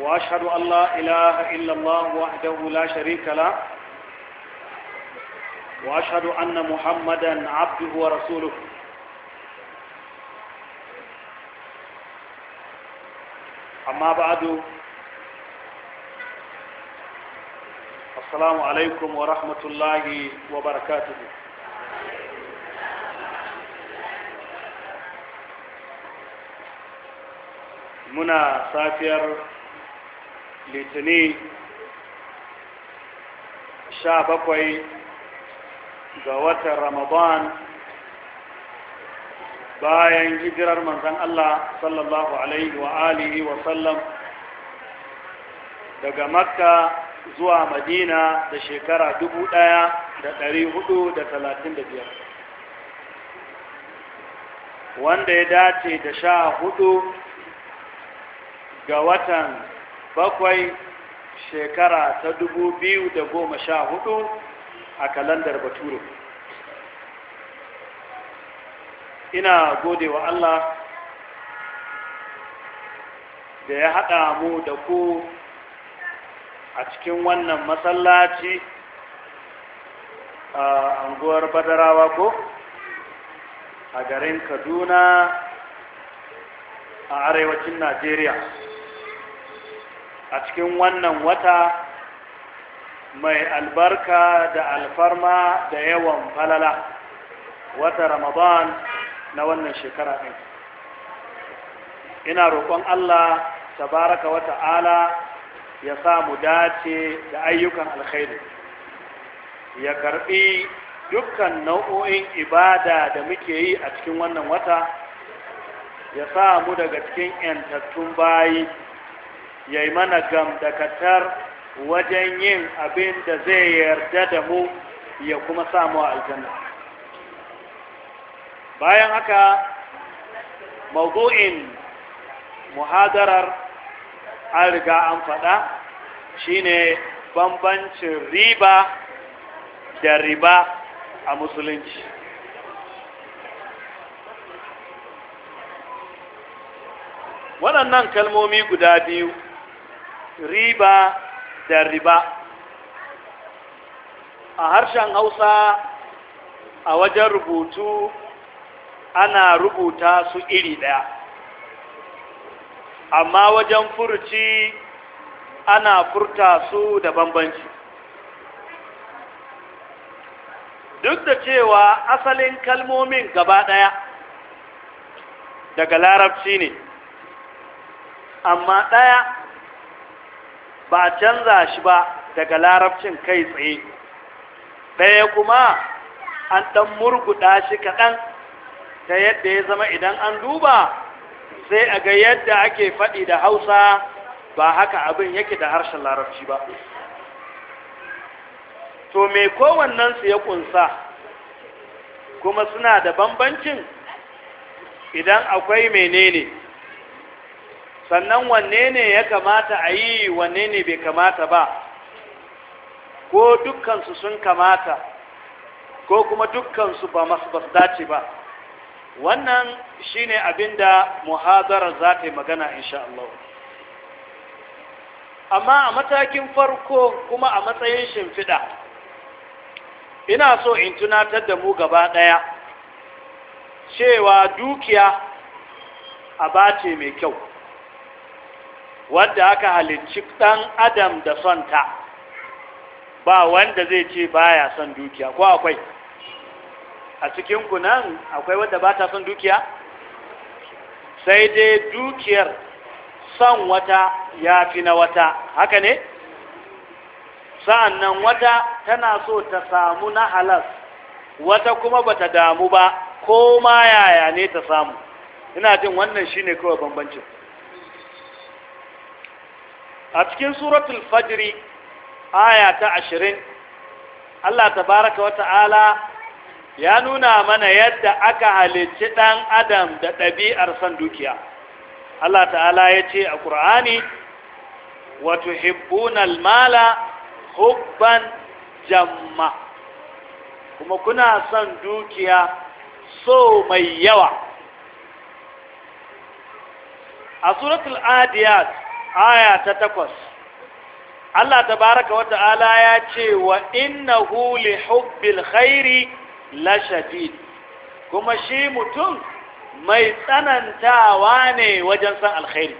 وأشهد أن لا إله إلا الله وحده لا شريك له وأشهد أن محمدا عبده ورسوله أما بعد السلام عليكم ورحمة الله وبركاته منا سافر litini sha bakwai ga watan ramadan bayan hijirar manzan Allah sallallahu alaihi wa alihi wa sallam daga makka zuwa madina da shekara dubu ɗaya da ɗari hudu da talatin da biyar wanda ya dace da sha hudu ga watan bakwai shekara ta dubu biyu da goma sha hudu a kalandar Baturu, ina gode wa Allah da ya haɗa mu da ku a cikin wannan masallaci a anguwar badarawa ko a garin kaduna a arewacin najeriya a cikin wannan wata mai albarka da alfarma da yawan falala wata ramadan na wannan shekara ɗin ina roƙon allah tabaraka wa ta'ala ya samu dace da ayyukan alkhairi ya karɓi dukkan nau'o'in ibada da muke yi a cikin wannan wata ya samu daga cikin 'yantattun bayi ya yi mana gamdakatar wajen yin abin da zai yarda da mu ya kuma samu aljanna bayan haka mawdu'in muhadarar an riga an faɗa shine bambancin riba da riba a musulunci waɗannan kalmomi guda biyu riba da riba a harshen hausa a wajen rubutu ana rubuta su iri ɗaya amma wajen furci ana furta su da bambanci duk da cewa asalin kalmomin gaba ɗaya daga larabci ne amma ɗaya ba a canza shi ba daga larabcin kai tsaye ɗaya kuma an ɗan murguɗa shi kaɗan ta yadda ya zama idan an duba sai a ga yadda ake faɗi da hausa ba haka abin yake da harshen larabci ba to me kowannensu ya ƙunsa kuma suna da bambancin idan akwai menene sannan wanne ne ya kamata a yi wanne ne bai kamata ba ko dukkansu sun kamata ko kuma dukkansu ba masu dace ba wannan shine abin da muhazarar za ta yi magana insha Allah amma a matakin farko kuma a matsayin shimfiɗa ina so in tunatar da mu gaba ɗaya cewa dukiya a bace mai kyau Wanda aka halicci ɗan adam da son ta ba wanda zai ce baya son dukiya ko akwai a cikin nan akwai wanda ba ta son dukiya sai dai dukiyar son wata ya fi na wata haka ne sa'annan wata tana so ta samu na halas wata kuma bata damu ba ko ma yaya ne ta samu ina jin wannan shine kawai bambancin a cikin suratul fajri aya ta ashirin Allah tabaraka wa ta'ala ya nuna mana yadda aka halicci ɗan adam da ɗabi'ar san dukiya Allah ta'ala ya ce a ƙur'ani wato Hibbunan mala hubban jamma kuma kuna son dukiya so mai yawa a suratul adiyat aya ta takwas Allah tabaraka wa ala ya ce wa innahu li hubbil khairi la shadid kuma shi mutum mai tsanantawa ne wajen son alkhairi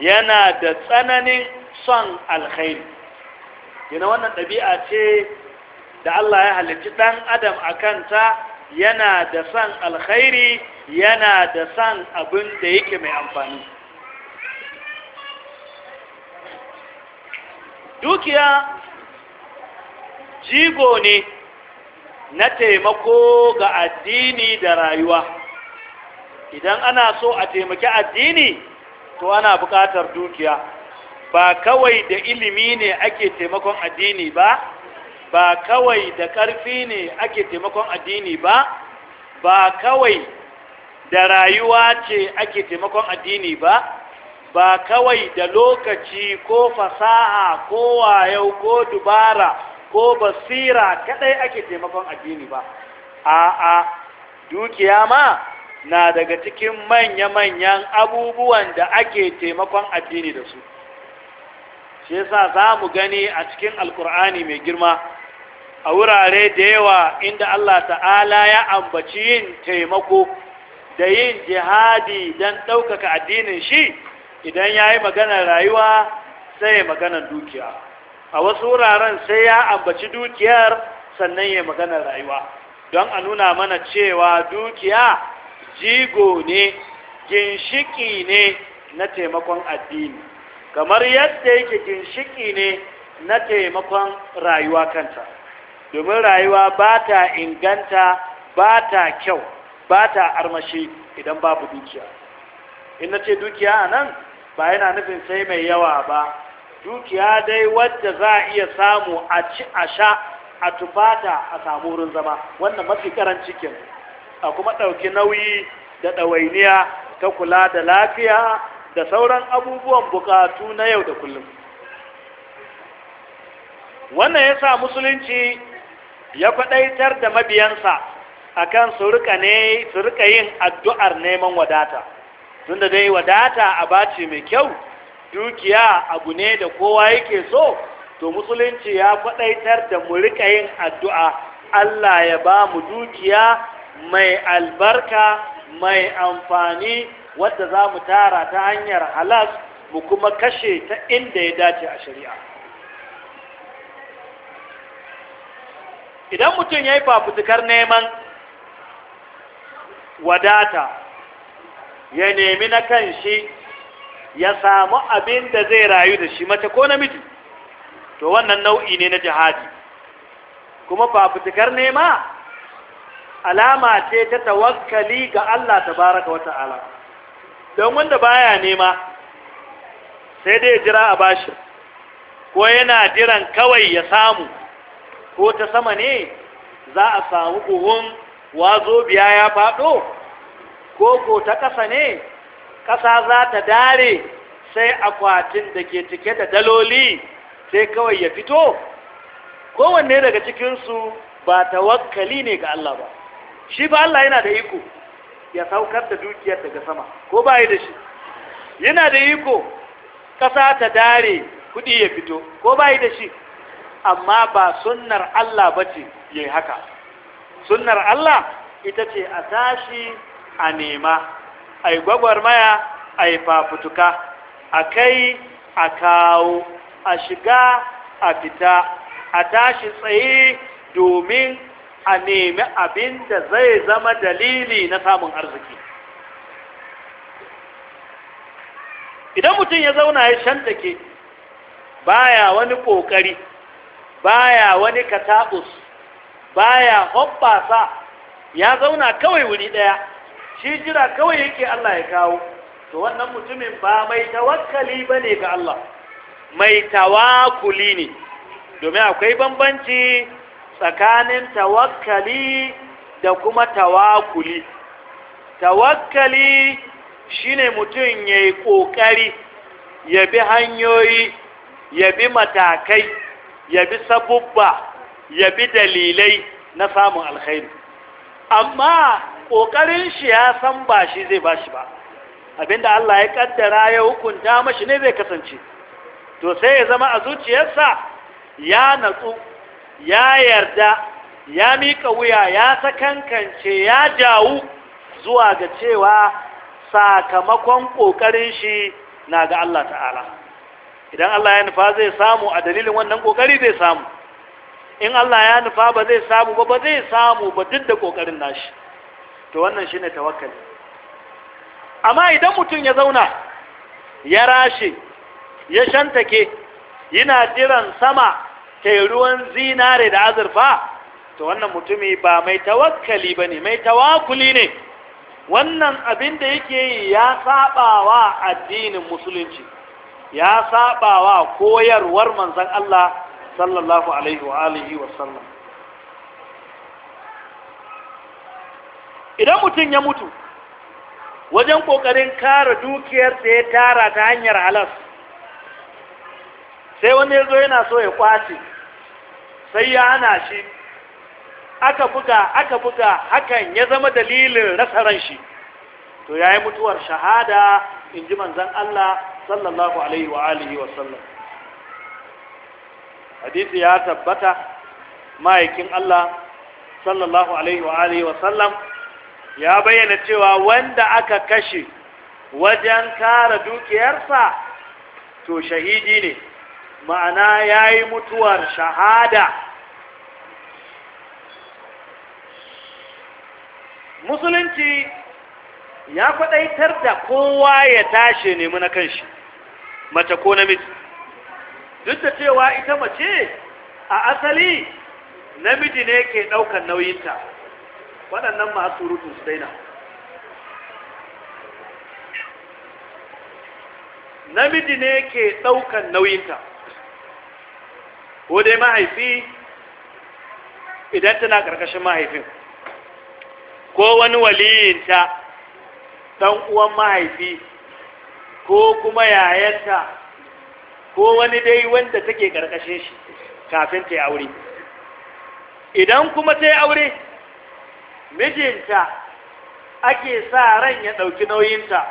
yana da tsananin son alkhairi yana wannan ɗabi'a ce da Allah ya halitti ɗan adam a kanta yana da son alkhairi yana da son abin da yake mai amfani dukiya jigo ne na taimako ga addini da rayuwa idan ana so a taimaki addini to ana buƙatar dukiya ba kawai da ilimi ne ake taimakon addini ba ba kawai da ƙarfi ne ake taimakon addini ba ba kawai da rayuwa ce ake taimakon addini ba ba kawai da lokaci ko fasaha ko wayau ko dubara ko basira kadai ake taimakon addini ba a'a dukiya ma na daga cikin manya-manyan abubuwan da ake taimakon addini da su shi yasa za mu gani a cikin alkur'ani mai girma a wurare da yawa inda Allah ta'ala ya ambaci yin taimako da yin jihadi don ɗaukaka addinin shi idan ya yi maganar rayuwa sai ya maganar dukiya a wasu wuraren sai ya ambaci dukiyar sannan ya maganar rayuwa don a nuna mana cewa dukiya jigo ne ginshiki ne na taimakon addini kamar yadda yake ginshiki ne na taimakon rayuwa kanta domin rayuwa ba ta inganta ba ta kyau ba ta armashi idan babu dukiya in na ce dukiya a nan ba yana nufin sai mai yawa ba dukiya dai wadda za a iya samu a ci a sha a tufata a samu wurin zama wannan mafi karanci cikin a kuma ɗauki nauyi da ɗawainiya ta kula da lafiya da sauran abubuwan bukatu na yau da kullum wannan ya sa musulunci ya faɗaitar da mabiyansa akan su rika yin addu'ar neman wadata tunda dai wadata a bace mai kyau dukiya abu ne da kowa yake so to musulunci ya faɗaitar da mu rika yin addu'a Allah ya ba mu dukiya mai albarka mai amfani wadda za mu tara ta hanyar halas mu kuma kashe ta inda ya dace a shari'a idan mutum ya yi fafutukar neman wadata ya nemi na kan shi ya samu abin da zai rayu da shi mace ko namiji to wannan nau'i ne na jihadi kuma fafutukar nema alama ce ta tawakkali ga Allah tabaraka wa ta'ala don wanda baya nema sai dai jira a bashi ko yana jiran kawai ya samu ko ta sama ne za a samu buhun wazo biya ya faɗo koko ta ƙasa ne ƙasa za ta dare sai akwatin da ke cike da daloli sai kawai ya fito kowanne daga cikinsu ba tawakkali ne ga Allah ba shi ba Allah yana da iko ya saukar da dukiyar daga sama ko ba da shi yana da iko ƙasa ta dare kuɗi ya fito ko ba da shi amma ba sunnar Allah ba ce yi haka sunnar Allah ita ce a tashi a nema a yi gwagwarmaya a yi fafutuka a kai a kawo a shiga a fita a tashi tsaye domin a nemi abin da zai zama dalili na samun arziki idan mutum ya zauna ya shantake baya wani ƙoƙari baya wani kataɓus baya hoɓɓasa ya zauna kawai wuri ɗaya shi jira kawai yake Allah ya kawo to wannan mutumin ba mai tawakkali bane ne ga Allah mai tawakuli ne domin akwai bambanci tsakanin tawakkali da kuma tawakuli tawakkali shine mutum yayi yi ƙoƙari ya bi hanyoyi ya bi matakai ya bi sabubba ya bi dalilai na samun alkhairi amma ƙoƙarin shi ya san ba shi zai ba shi ba abinda Allah ya kaddara ya hukunta mashi ne zai kasance to sai ya zama a zuciyarsa ya natsu ya yarda ya mika wuya ya sakankance ya jawu zuwa ga cewa sakamakon ƙoƙarin shi na ga Allah ta'ala idan Allah ya nufa zai samu a dalilin wannan ƙoƙari zai samu in Allah ya nufa ba zai samu ba ba zai samu ba duk da ƙoƙarin nashi to wannan shi ne tawakkali amma idan mutum ya zauna ya rashe ya shantake yana jiran sama kai ruwan zinare da azurfa to wannan mutumi ba mai tawakkali ba ne mai tawakuli ne wannan abin da yake yi ya sabawa addinin musulunci ya sabawa koyarwar manzon Allah sallallahu alaihi wa alihi wa idan mutum ya mutu wajen ƙoƙarin kare dukiyar da ya tara ta hanyar halas sai wani ya zo yana so ya kwace sai ya hana shi aka buga aka buga hakan ya zama dalilin rasa ran shi to ya yi mutuwar shahada in ji manzan Allah sallallahu alaihi wa alihi wa sallam hadisi ya tabbata ma'aikin Allah sallallahu alaihi wa alihi wa sallam ya bayyana cewa wanda aka kashe wajen kara dukiyarsa to shahidi ne ma'ana ya yi mutuwar shahada musulunci ya kwadaitar da kowa ya tashi nemi na kanshi mace ko namiji duk da cewa ita mace a asali namiji ne ke ɗaukar nauyinta waɗannan masu surutu su daina namiji ne ke ɗaukan nauyinta ko dai mahaifi idan tana ƙarƙashin mahaifin ko wani waliyinta ɗan uwan mahaifi ko kuma yayanta ko wani dai wanda take ƙarƙashin shi kafin ta yi aure idan kuma ta yi aure mijinta ake sa ran ya ɗauki nauyinta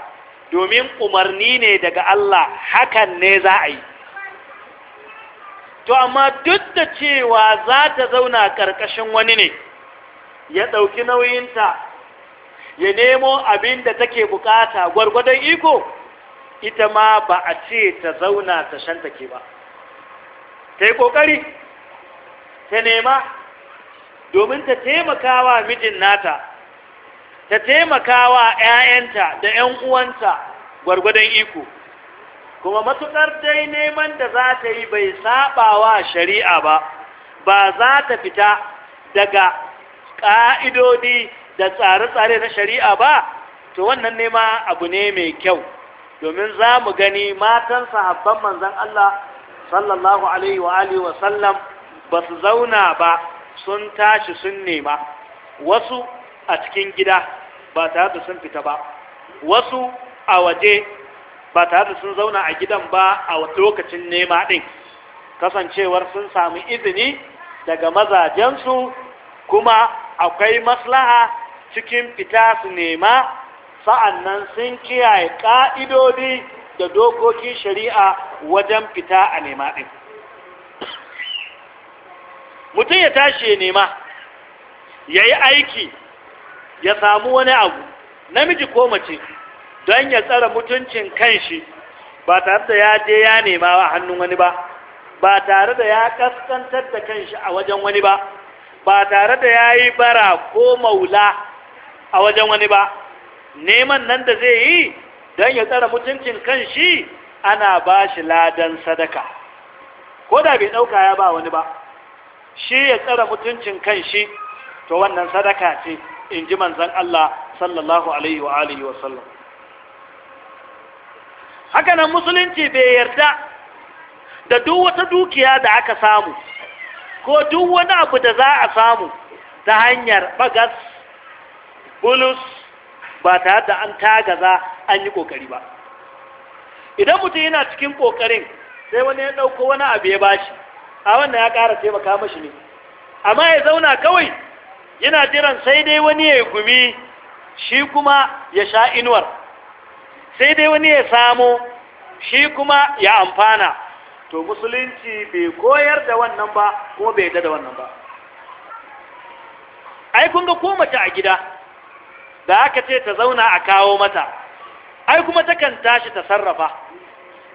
domin umarni ne daga Allah hakan ne za a yi to amma duk da cewa za ta zauna ƙarƙashin wani ne ya ɗauki nauyinta ya nemo abin da take bukata gwargwadon iko ita ma ba a ce ta zauna ta shanta ke ba ta yi ƙoƙari ta nema domin ta taimaka wa mijin nata ta taimaka wa 'ya'yanta da 'yan uwanta gwargwadon iko kuma matuƙar dai neman da za ta yi bai saɓawa shari'a ba ba za ta fita daga ƙa'idodi da tsare-tsare na shari'a ba to wannan nema abu ne mai kyau domin za mu gani matan sahabban manzan Allah sallallahu alaihi wa wa sallam ba su zauna ba sun tashi sun nema wasu a cikin gida ba tare da sun fita ba wasu a waje ba tare da sun zauna a gidan ba a lokacin nema ɗin kasancewar sun sami izini daga mazajensu kuma akwai maslaha cikin fita su nema sa'annan sun kiyaye ƙa'idodi da dokokin shari'a wajen fita a nema ɗin mutum ya tashi ya nema ya yi aiki ya samu wani abu namiji ko mace don ya tsara mutuncin kanshi ba tare da ya je ya nema a hannun wani ba ba tare da ya kaskantar da kanshi a wajen wani ba ba tare da ya yi bara ko maula a wajen wani ba neman nan da zai yi don ya tsara mutuncin kanshi ana ba shi ladan sadaka ko da bai ɗauka ya ba wani ba shi ya tsara mutuncin kan shi to wannan sadaka ce in ji manzan Allah sallallahu alaihi wa alihi wa sallam haka nan musulunci bai yarda da duk wata dukiya da aka samu ko duk wani abu da za a samu ta hanyar bagas bulus ba tare da an tagaza an yi kokari ba idan mutum yana cikin kokarin sai wani ya ɗauko wani abu ya bashi a wannan ya ƙara taimaka mashi ne amma ya zauna kawai yana jiran sai dai wani ya gumi shi kuma ya sha inuwar sai dai wani ya samo shi kuma ya amfana to musulunci bai koyar da wannan ba kuma bai yadda da wannan ba ai kun ga ko mace a gida da aka ce ta zauna a kawo mata ai kuma takan tashi ta sarrafa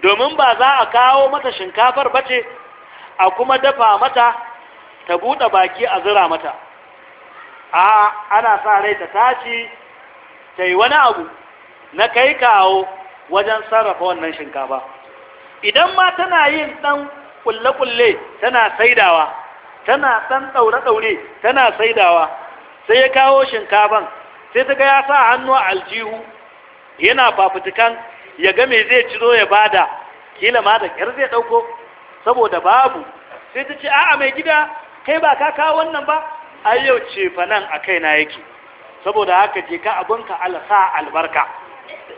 domin ba za a kawo mata shinkafar ba ce. a kuma dafa mata ta buɗe baki a zira mata a ana sa rai ta tashi ta yi wani abu na kai kawo wajen sarrafa wannan shinkafa idan ma tana yin ɗan ƙulle-ƙulle tana saidawa tana ɗan ɗaure-ɗaure tana saidawa sai ya kawo shinkafan sai ta ga ya sa hannu aljihu yana fafutukan ya ga me zai ciro ya bada kila ma da kyar zai ɗauko saboda babu sai ta ce a'a mai gida kai ba ka kawo wannan ba ai yau ce fa nan a kaina yake saboda haka je ka abinka alasa albarka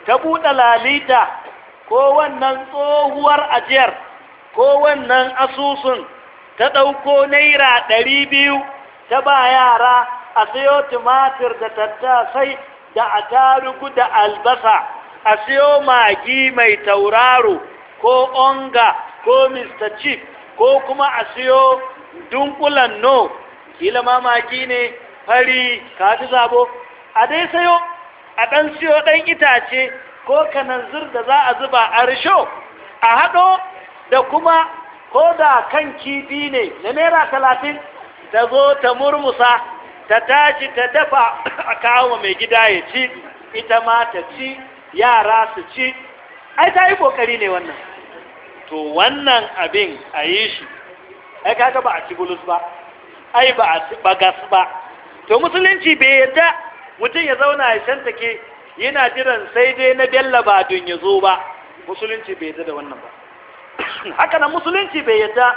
ta buɗe lalita ko wannan tsohuwar ajiyar ko wannan asusun ta ɗauko naira ɗari biyu ta ba yara a siyo tumatir da tattasai da a atarugu da albasa a siyo magi mai tauraro ko onga ko mr Chief ko kuma a siyo dunkulan no kila mamaki ne fari kafi zabo a dai sayo a ɗan siyo ɗan itace ko kananzir da za a zuba a risho a haɗo da kuma ko da kan kifi ne na naira talatin ta zo ta murmusa ta tashi ta dafa a kawo mai gida ya ci ita ma ta ci yara su ci ai ta yi ƙoƙari ne wannan to wannan abin a yi shi ai kaga ba a ci bulus ba ai ba a ci bagas ba to musulunci bai yadda mutum ya zauna ya shanta ke yana jiran sai dai na bella ba don ya zo ba musulunci bai yadda da wannan ba haka nan musulunci bai yadda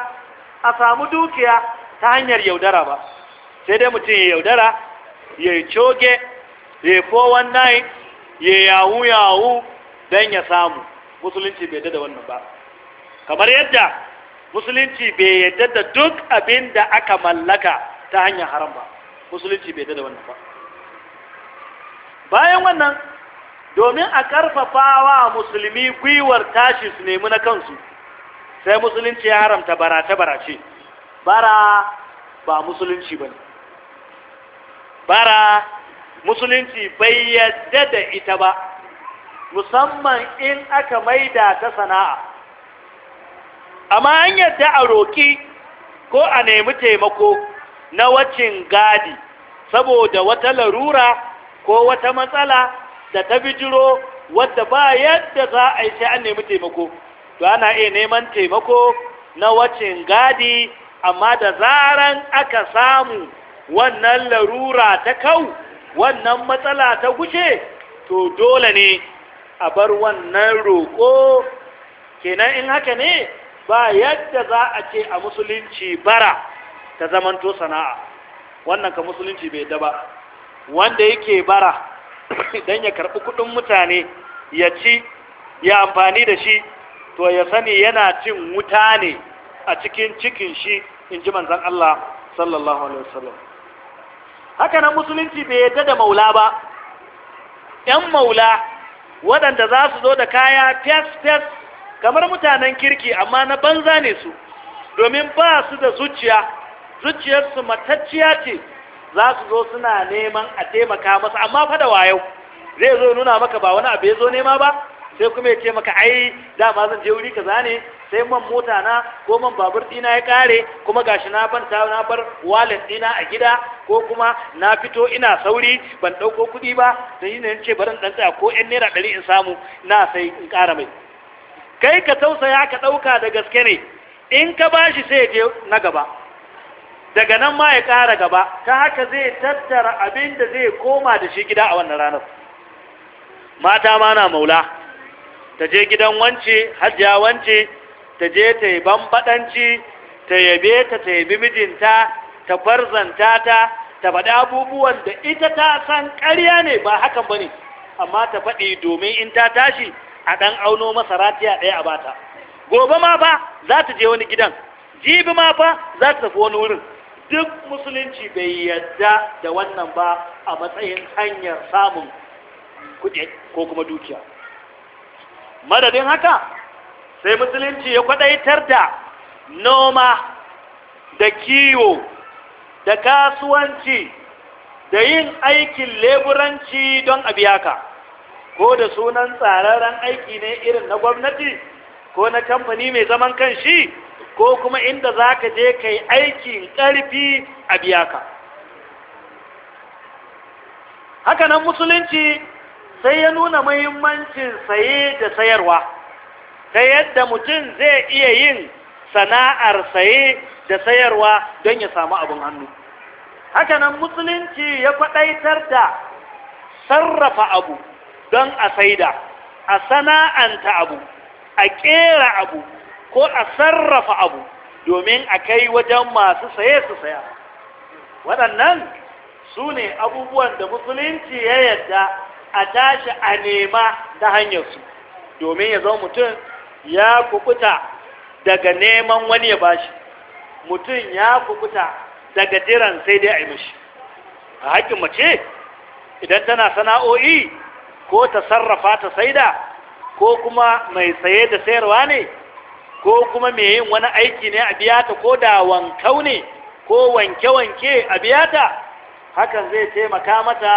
a samu dukiya ta hanyar yaudara ba sai dai mutum ya yaudara ya yi coge ya yi 419 ya yawu yawu don ya samu musulunci bai yadda da wannan ba kamar yadda musulunci bai yadda da duk abin da aka mallaka ta hanyar haram ba musulunci bai yadda da wannan ba bayan wannan domin a ƙarfafa wa musulmi gwiwar tashi su nemi na kansu sai musulunci ya haramta barace-barace bara ba musulunci ba ne bara musulunci bai yadda da ita ba musamman in aka maida ta sana'a amma an yadda a roƙi ko a nemi taimako na wacin gadi saboda wata larura ko wata matsala da ta bijiro wadda ba yadda za a yi sai an nemi taimako to ana iya neman taimako na wacin gadi amma da zaran aka samu wannan larura ta kau wannan matsala ta gushe to dole ne a bar wannan roƙo kenan in haka ne ba yadda za a ce a musulunci bara ta zamanto sana'a wannan ka musulunci bai da ba wanda yake bara idan ya karɓi kuɗin mutane ya ci ya amfani da shi to ya sani yana cin wuta ne a cikin cikin shi in ji manzan Allah sallallahu alaihi wasallam haka nan musulunci bai yadda da maula ba ‘yan maula waɗanda za su zo da kaya fes-fes kamar mutanen kirki amma na banza ne su domin ba su da zuciya zuciyarsu matacciya ce za su zo suna neman a taimaka masa amma fada wayau zai zo nuna maka ba wani abu ya zo nema ba sai kuma ya ce maka ai dama zan je wuri ka zane sai man mota na ko man babur dina ya kare kuma gashi na ban ta na bar wallet dina a gida ko kuma na fito ina sauri ban dauko kuɗi ba sai ne ce barin dan tsaya ko ɗan naira 100 in samu na sai in kara mai kai ka tausaya ka ɗauka da gaske ne in ka bashi shi sai je na gaba daga nan ma ya ƙara gaba ta haka zai tattara abin da zai koma da shi gida a wannan ranar mata ma na maula ta je gidan wance hajjiya wance ta je ta yi bambaɗanci ta yabe ta ta yabi mijinta ta farzanta ta ta faɗi abubuwan da ita ta san ƙarya ne ba hakan ba ne amma ta faɗi domin in ta tashi a ɗan auno masa ratiya ɗaya a bata gobe ma fa za ta je wani gidan jibi ma fa za ta tafi wani wurin duk musulunci bai yadda da wannan ba a matsayin hanyar samun kuɗi ko kuma dukiya madadin haka sai musulunci ya kwaɗaitar da noma da kiwo da kasuwanci da yin aikin leburanci don abiyaka ko da sunan tsararren aiki ne irin na gwamnati ko na kamfani mai zaman kanshi ko kuma inda za ka je ka yi aikin ƙarfi a biya ka hakanan musulunci sai ya nuna muhimmancin saye da sayarwa ta yadda mutum zai iya yin sana'ar saye da sayarwa don ya samu abin hannu hakanan musulunci ya kwaɗaitar da sarrafa abu don a saida a sana'anta abu a ƙera abu ko a sarrafa abu domin a kai wajen masu saye su saya waɗannan su ne abubuwan da musulunci ya yadda a tashi a nema ta hanyarsu domin ya zama mutum ya kukuta daga neman wani ya bashi mutum ya kukuta daga jiran sai dai a yi mashi a haƙƙin mace idan tana sana'o'i ko ta sarrafa ta saida ko kuma mai saye da sayarwa ne ko kuma mai yin wani aiki ne a biya ta ko da wankau ne ko wanke-wanke a biya ta hakan zai taimaka mata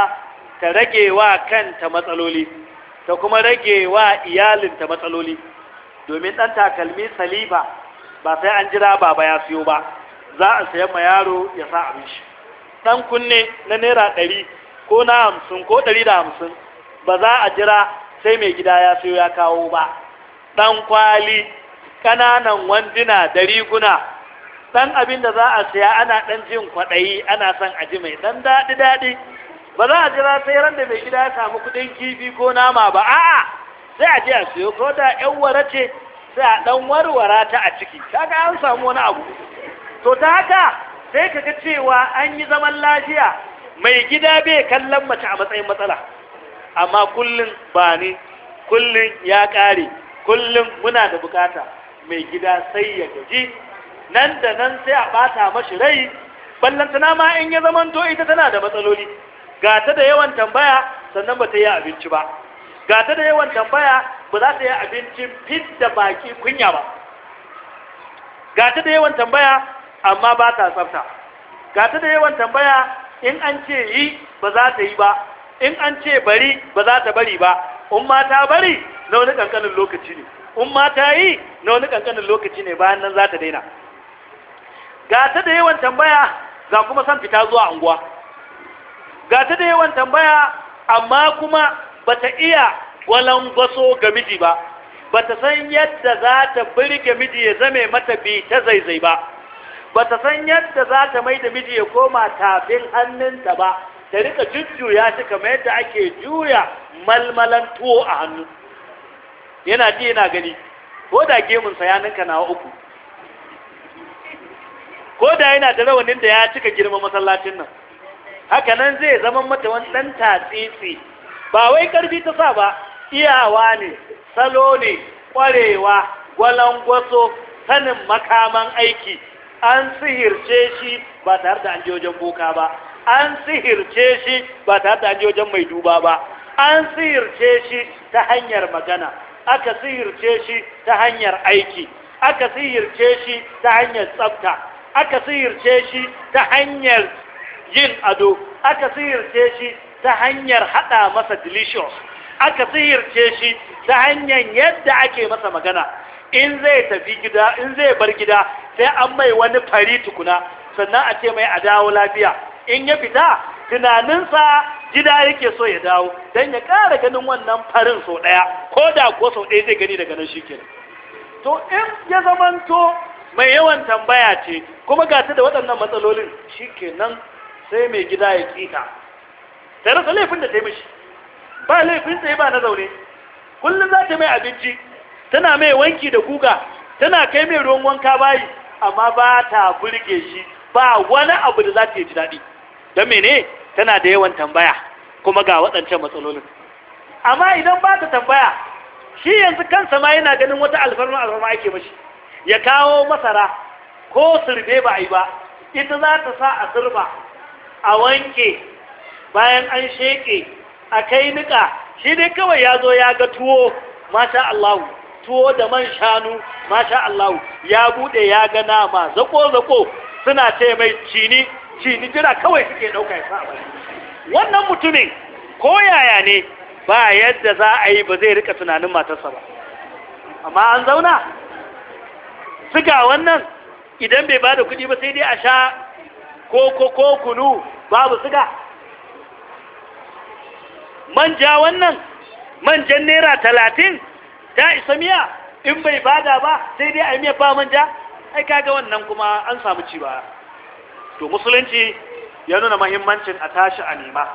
ta rage wa kanta matsaloli ta kuma rage wa iyalinta matsaloli domin ɗan takalmi saliba ba sai an jira baba ya siyo ba za a sayan ma yaro ya sa abin shi ɗan kunne na naira ɗari ko na hamsin ko ɗari da hamsin ba za a jira sai mai gida ya so ya kawo ba ɗan kwali kananan wandina da riguna ɗan abin da za a siya ana ɗan jin kwaɗayi ana son a ji mai dan daɗi daɗi ba za a jira sai ran da mai gida ya samu kuɗin kifi ko nama ba a'a sai a ji a siyo ko da ƴan wara ce sai a ɗan warwara ta a ciki kaga an samu wani abu to ta haka sai kaga cewa an yi zaman lafiya mai gida bai kallon mace a matsayin matsala amma kullum ba ni kullum ya ƙare kullum muna da bukata mai gida sai ya gaji nan da nan sai a ɓata mashi rai ballantana ma in ya zamanto ita tana da matsaloli ga ta da yawan tambaya sannan ba ta yi abinci ba ga ta da yawan tambaya ba za ta yi abinci fit da baki kunya ba ga ta da yawan tambaya amma ba ta tsafta ga ta da yawan tambaya in an ce yi ba za ta yi ba in an ce bari ba za ta bari ba in ma ta bari na wani kankanin lokaci ne in ma ta yi na wani kankanin lokaci ne bayan nan za ta daina ga ta da yawan tambaya za kuma san fita zuwa anguwa ga ta da yawan tambaya amma kuma ba ta iya gwalangwaso ga miji ba ba ta san yadda za ta birge miji ya zame mata bi ta zaizai ba ba ta san yadda za ta mai da miji ya koma tafin hannunta ba ta rika jujjuya shi kamar yadda ake juya malmalan tuwo a hannu yana ji yana gani ko da gemunsa ya ninka uku ko da yana da rawanin da ya cika girma masallacin nan haka nan zai zama mata wani ɗan tatsitsi ba wai ƙarfi ta sa ba iyawa ne salo ne ƙwarewa gwalangwaso sanin makaman aiki an sihirce shi ba tare da an ji wajen boka ba an sihirce shi ba ta hada an wajen mai duba ba an sihirce shi ta hanyar magana aka sihirce shi ta hanyar aiki aka sihirce shi ta hanyar tsafta aka sihirce shi ta hanyar yin ado aka sihirce shi ta hanyar hada masa delicious aka sihirce shi ta hanyar yadda ake masa magana in zai tafi gida in zai bar gida sai an mai wani fari tukuna sannan a ce mai a dawo lafiya in ya fita tunaninsa gida yake so ya dawo don ya ƙara ganin wannan farin sau ɗaya ko da ko sau ɗaya zai gani daga nan shi ke to in ya zamanto mai yawan tambaya ce kuma ga da waɗannan matsalolin shi ke nan sai mai gida ya ƙita ta rasa laifin da ta yi mishi ba laifin ta yi ba na zaune kullum za ta mai abinci tana mai wanki da guga tana kai mai ruwan wanka bayi amma ba ta burge shi ba wani abu da za ta yi ji daɗi ta mene tana da yawan tambaya kuma ga waɗancan matsalolin amma idan ba ta tambaya shi yanzu kansa ma yana ganin wata alfarma alfarma ake mashi ya kawo masara ko sirbe ba a yi ba ita za ta sa a sirba a wanke bayan an sheƙe a kai niƙa shi dai kawai ya zo ya ga tuwo masha Allahu tuwo da man shanu masha Allahu ya buɗe ya ga nama zako-zako suna ce mai cini ci ni jira kawai suke ɗauka ya sa wannan mutumin ko yaya ne ba yadda za a yi ba zai rika tunanin matarsa ba amma an zauna suga wannan idan bai ba da kuɗi ba sai dai a sha ko ko kunu babu suga manja wannan manjan naira talatin ta isa miya in bai bada ba sai dai a miya ba manja ai kaga wannan kuma an samu ci ba to musulunci ya nuna mahimmancin a tashi a nema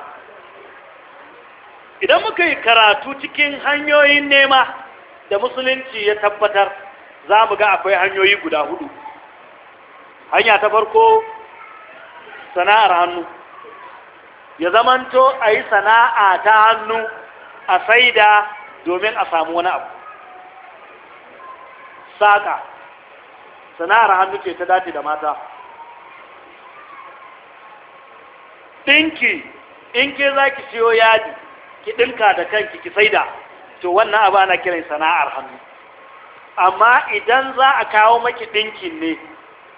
idan muka yi karatu cikin hanyoyin nema da musulunci ya tabbatar za mu ga akwai hanyoyi guda hudu hanya ta farko sana'ar hannu ya zamanto a yi sana'a ta hannu a saida domin a samu wani abu saka sana'ar hannu ce ta dace da mata ɗinki in ke za ki siyo yadi ki ɗinka da kanki ki saida to wannan abu ana kiran sana'ar hannu amma idan za a kawo maki ɗinki ne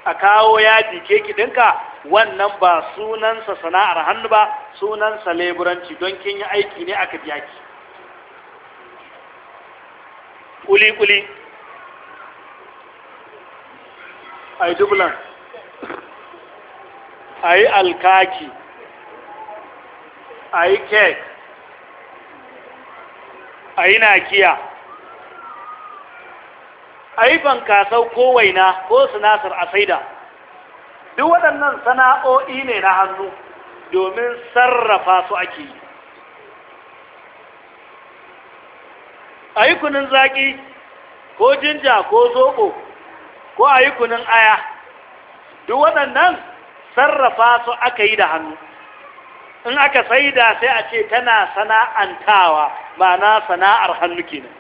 a kawo yadi ke ki ɗinka wannan ba sunansa sana'ar hannu ba sunansa leburanci don kin yi aiki ne aka biya ki kuli-kuli ai dublan a alkaki a yi kek a yi nakiya a yi bankasau ko waina ko sinasar a saida duk waɗannan sana'o'i ne na hannu domin sarrafa su ake yi a yi kunin zaƙi ko jinja ko zoɓo ko a yi kunin aya duk waɗannan sarrafa su aka yi da hannu in aka saida sai a ce tana sana'antawa ma'ana sana'ar hannu kenan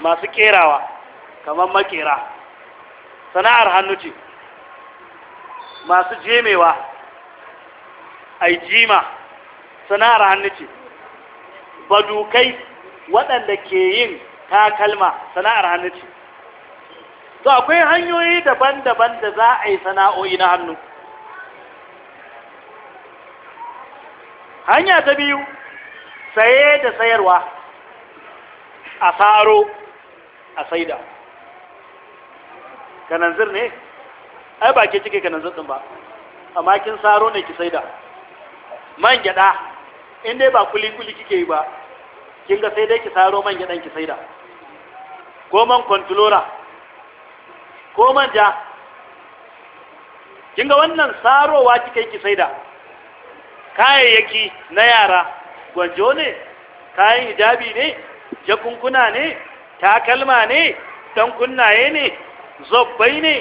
masu kerawa kamar makera sana'ar hannu ce masu jemewa ai jima sana'ar hannu ce badukai waɗanda ke yin takalma sana'ar hannu ce to akwai hanyoyi daban-daban da za a yi sana'o'i na hannu hanya ta biyu saye da sayarwa a saro a saida kananzir ne ai ba ke cike kananzir din ba amma kin saro ne ki saida man gyada in dai ba kuli kuli kike yi ba kin ga sai dai ki saro man gyadan ki saida ko man controller ko man ja kin ga wannan sarowa kike ki saida kayayyaki na yara gwanjo ne kayan hijabi ne jakunkuna ne takalma ne kunnaye ne zobbai ne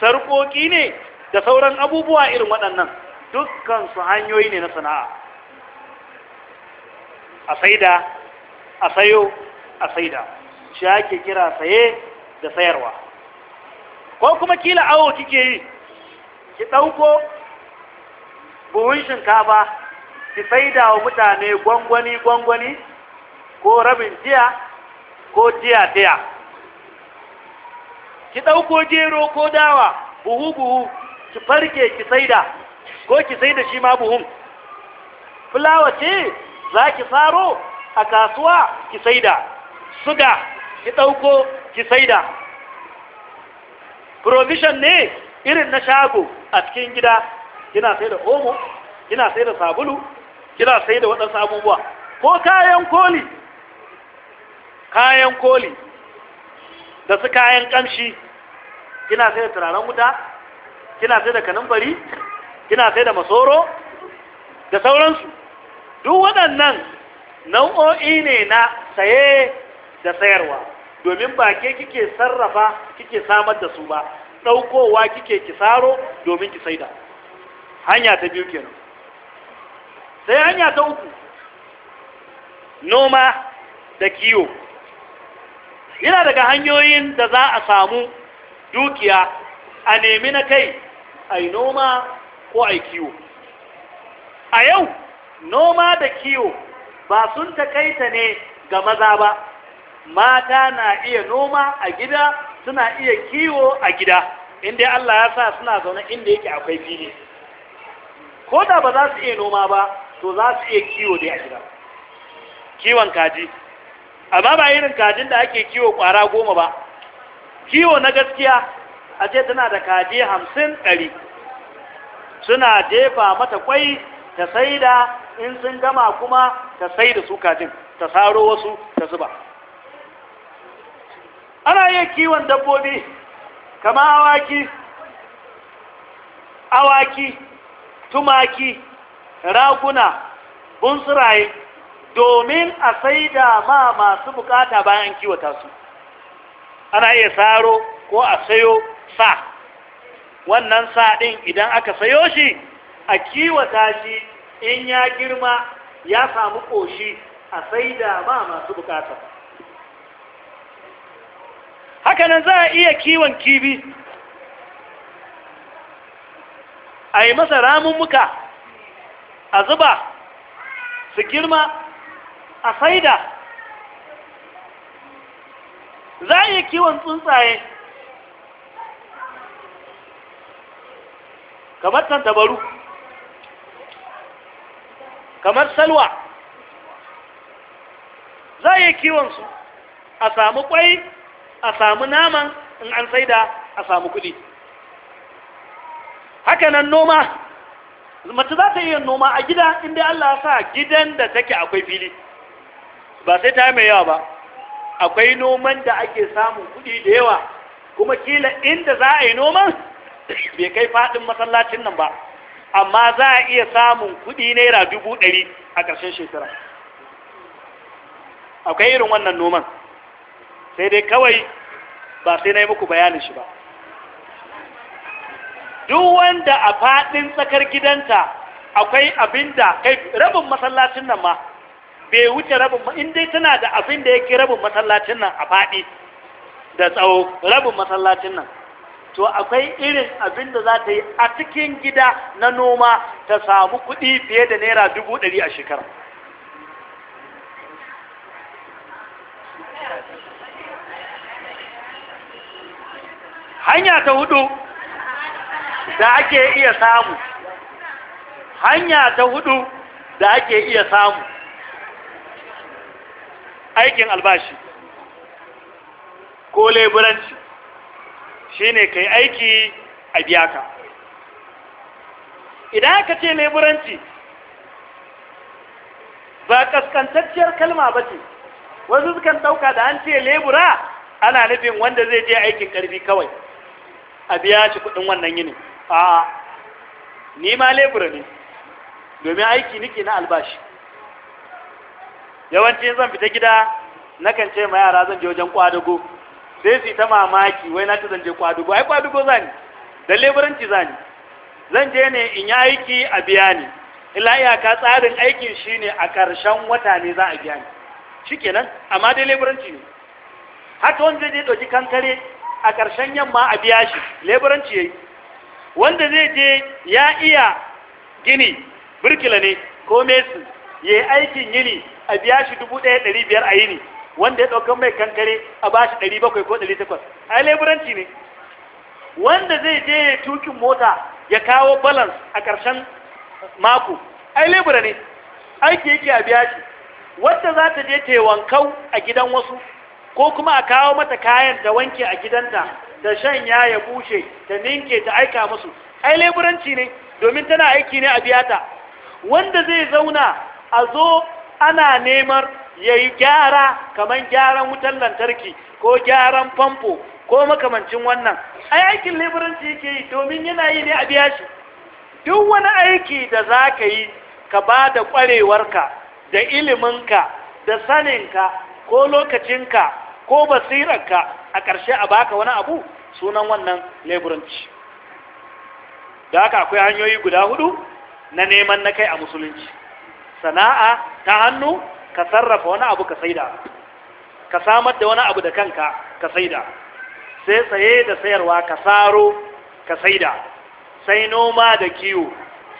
sarƙoƙi ne da sauran abubuwa irin waɗannan dukkan su hanyoyi ne na sana'a a saida a sayo a saida shi ake kira saye da sayarwa ko kuma kila awo kike yi ki ɗauko buhun shinkafa ki faida wa mutane gwangwani gwangwani ko rabin jiya ko jiya daya ki ɗauko gero ko dawa buhu buhu ki farke ki saida ko ki saida shi ma buhun fulawa ce za ki faro a kasuwa ki saida suga ki ɗauko ki saida provision ne irin na shago a cikin gida kina sai da omo kina sai da sabulu kina sai da waɗansu abubuwa ko kayan koli kayan koli da su kayan ƙamshi kina sai da turaren wuta kina sai da kanunfari kina sai da masoro da sauransu duk waɗannan nau'o'i ne na saye da sayarwa domin ba ke kike sarrafa kike samar da su ba ɗaukowa kike kisaro domin ki saida. hanya ta biyu kenan sai hanya ta uku noma da kiwo yana daga hanyoyin da za a samu dukiya a nemi na kai a yi noma ko a yi kiwo a yau noma da kiwo ba sun takaita ne ga maza ba mata na iya noma a gida suna iya kiwo a gida inda Allah ya sa suna zaune inda yake akwai fili ko da ba za su iya noma ba to za su iya kiwo dai a gida kiwon kaji amma ba irin kajin da ake kiwo kwara goma ba kiwo na gaskiya a ce tana da kaji hamsin ɗari suna jefa mata kwai ta saida in sun gama kuma ta saida su kajin ta saro wasu ta zuba ana iya kiwon dabbobi kama awaki awaki tumaki raguna bunsuraye domin a saida ma masu bukata bayan kiwata su ana iya saro ko a sayo sa wannan sa ɗin idan aka sayo shi a kiwata shi in ya girma ya samu ƙoshi a saida ma masu bukata hakanan za a iya kiwon kibi a yi masa ramun muka, a zuba su girma a saida za a iya kiwon tsuntsaye kamar tantabaru kamar salwa za a iya kiwonsu a samu kwai a samu naman in an saida a samu kuɗi hakanan nan noma mace za ta iya noma a gida inda Allah sa gidan da take akwai fili ba sai ta mai yawa ba akwai noman da ake samun kuɗi da yawa kuma kila inda za a yi noman bai kai faɗin masallacin nan ba amma za a iya samun kuɗi naira dubu ɗari a ƙarshen shekara akwai irin wannan noman sai dai kawai ba sai na yi muku bayanin shi ba duk wanda a faɗin tsakar gidanta akwai abin da kai rabin masallacin nan ma bai wuce rabin in dai tana da abin da yake rabin masallacin nan a faɗi da tsawo rabin masallacin nan to akwai irin abin da za ta yi a cikin gida na noma ta samu kuɗi fiye da naira dubu ɗari a shekara hanya ta hudu da ake iya samu hanya ta hudu da ake iya samu aikin albashi ko leburanci shine kai aiki a biya ka idan aka ce leburanci ba kaskantacciyar kalma ba ce wasu sukan ɗauka da an ce lebura ana nufin wanda zai je aikin karfi kawai a biya shi kuɗin wannan yini. a ni ma lebura ne domin aiki nike na albashi yawanci zan fita gida na kan ce ma yara zan je wajen kwadugo sai su ta mamaki wai na ta zan je kwadugo ai kwadugo zani da leburanci zani zan je ne in yi aiki a biya ni ila iyaka tsarin aikin shi ne a ƙarshen wata ne za a biya ni nan, amma dai leburanci ne haka wanda zai ɗauki kankare a ƙarshen yamma a biya shi leburanci yayi wanda zai je ya iya gini birkila ne ko mesin ya yi aikin yini a biya shi dubu ɗaya ɗari biyar a yini wanda ya ɗaukan mai kankare a ba shi ɗari bakwai ko ɗari takwas yi leburanci ne wanda zai je ya tukin mota ya kawo balans a ƙarshen mako ai lebura ne aiki yake a biya shi wadda za ta je ta a gidan wasu ko kuma a kawo mata kayan ta wanke a gidanta ta shanya ya bushe ta ninke ta aika masu. ai leburanci ne domin tana aiki ne a biyata wanda zai zauna a zo ana neman ya yi gyara kamar gyaran wutar lantarki ko gyaran famfo ko makamancin wannan ai aikin leburanci yake yi domin yana yi ne a biya shi duk wani aiki da za ka yi ka ba da kwarewarka da iliminka da saninka ko lokacinka ko ka a ƙarshe a baka wani abu sunan wannan leburanci da haka akwai hanyoyi guda hudu na neman na kai a musulunci sana'a ta hannu ka sarrafa wani abu ka saida ka samar da wani abu da kanka ka saida sai saye da sayarwa ka saro ka saida sai noma da kiwo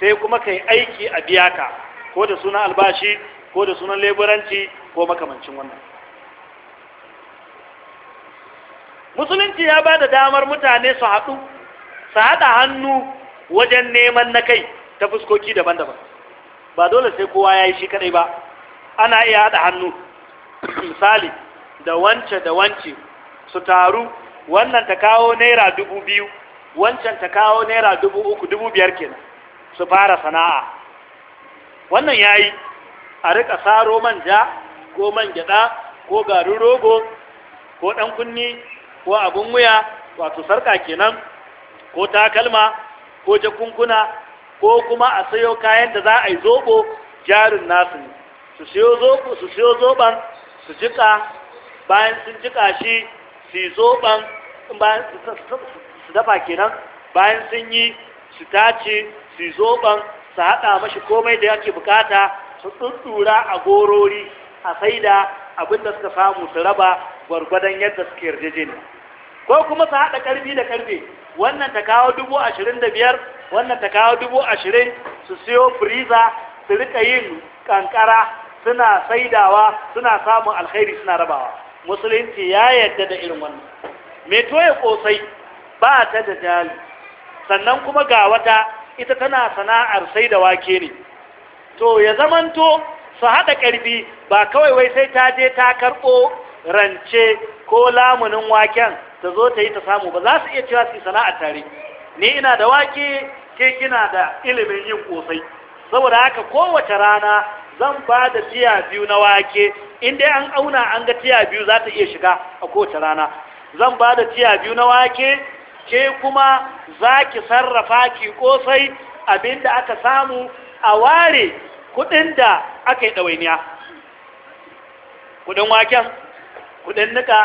sai kuma ka yi aiki a biya ka ko da sunan albashi ko da sunan leburanci ko makamancin wannan musulunci ya ba da damar mutane su haɗu su haɗa hannu wajen neman na kai ta fuskoki daban-daban ba dole sai kowa ya yi shi kaɗai ba ana iya haɗa hannu misali da wance da wance su taru wannan ta kawo naira dubu biyu wancan ta kawo naira dubu uku dubu biyar kenan su fara sana'a wannan ya yi a rika saro manja ko man gyada ko garin rogo ko ɗan kunni ko abun wuya wato sarka kenan ko takalma ko jakunkuna ko kuma a sayo kayan da za a yi zobo jarin nasu ne su siyo zobo su zoban su jika bayan sun jika shi su yi zoban bayan su dafa kenan bayan sun yi su tace su yi zoban su haɗa mashi komai da yake bukata su ɗuɗɗura a gorori a saida abin da suka samu su raba gwargwadon yadda suke yarjejeni ko kuma su haɗa ƙarfi da ƙarfe wannan ta kawo dubu ashirin da biyar wannan ta kawo dubu ashirin su siyo firiza su rika yin ƙanƙara suna saidawa suna samun alkhairi suna rabawa musulunci ya yadda da irin wannan mai toye kosai ba ta da jali sannan kuma ga wata ita tana sana'ar sai da wake ne to ya zamanto su haɗa ƙarfi ba kawai wai sai ta je ta karɓo rance ko lamunin waken ta zo ta yi ta samu ba za su iya cewa su sana'a tare ni ina da wake ke kina da ilimin yin kosai saboda haka kowace rana zan ba da tiya biyu na wake in dai an auna an ga tiya biyu za ta iya shiga a kowace rana zan ba da tiya biyu na wake ke kuma za ki sarrafa ki kosai da aka samu a ware kudin da aka yi ɗawainiya kudin waken kudin nika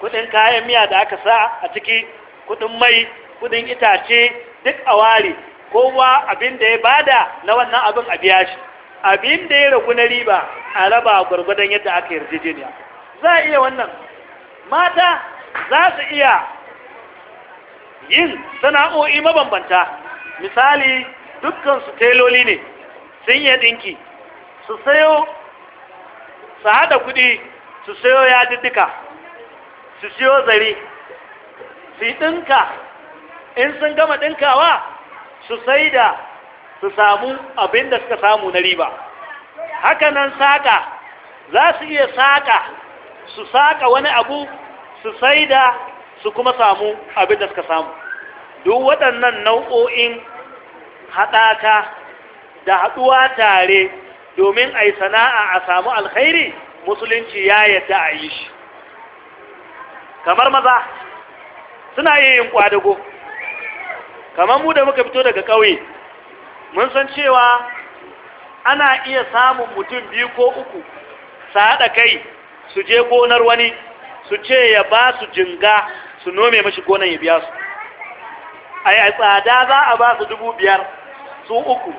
kudin kayan miya da aka sa a ciki kudin mai kudin itace duk a ware kowa abin da ya bada na wannan abin a biya shi abin da ya ragu na riba a raba gwargwadon yadda aka yarjejeniya za a iya wannan mata za su iya yin sana'o'i mabambanta misali dukkan su teloli ne sun yi dinki su sayo su haɗa kuɗi su sayo yadiddika su siyo zari su yi ɗinka in sun gama ɗinkawa su sai da su samu abin da suka samu na riba hakanan saƙa za su iya saƙa su saƙa wani abu su sai da su kuma samu abin da suka samu duk waɗannan nau'o'in haɗaka da haɗuwa tare domin a yi sana'a a samu alkhairi musulunci ya yadda a yi shi kamar maza suna iya yin kwadago kamar mu da muka fito daga ƙauye mun san cewa ana iya samun mutum biyu ko uku su kai su je gonar wani su ce ya ba su jinga su nome mashi gonar ya biya su a yi tsada za a ba su dubu biyar su uku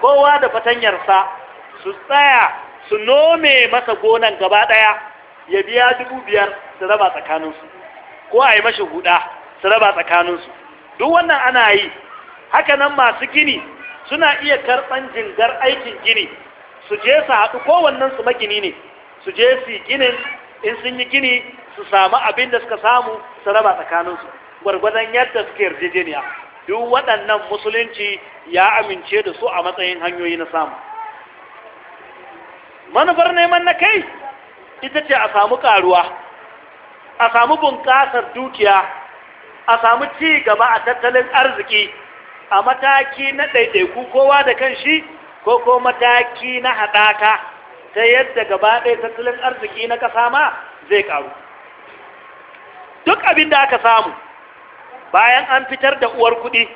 kowa da fatanyarsa su tsaya su nome masa gonan gaba ɗaya ya biya dubu biyar su raba tsakaninsu ko a yi mashi huda su raba tsakaninsu duk wannan ana yi haka nan masu gini suna iya karɓan jingar aikin gini su je su haɗu kowannen su magini ne su je su yi ginin in sun yi gini su samu abin da suka samu su raba tsakaninsu gwargwadon yadda suke yarjejeniya duk waɗannan musulunci ya amince da su a matsayin hanyoyi na samu manufar neman na kai ita ce a samu karuwa a samu bunƙasar dukiya a samu ci gaba a tattalin arziki a mataki na ɗaiɗaiku kowa da kan shi ko ko mataki na haɗaka ta yadda gaba ɗaya tattalin arziki na ƙasa ma zai ƙaru duk abin da aka samu bayan an fitar da uwar kuɗi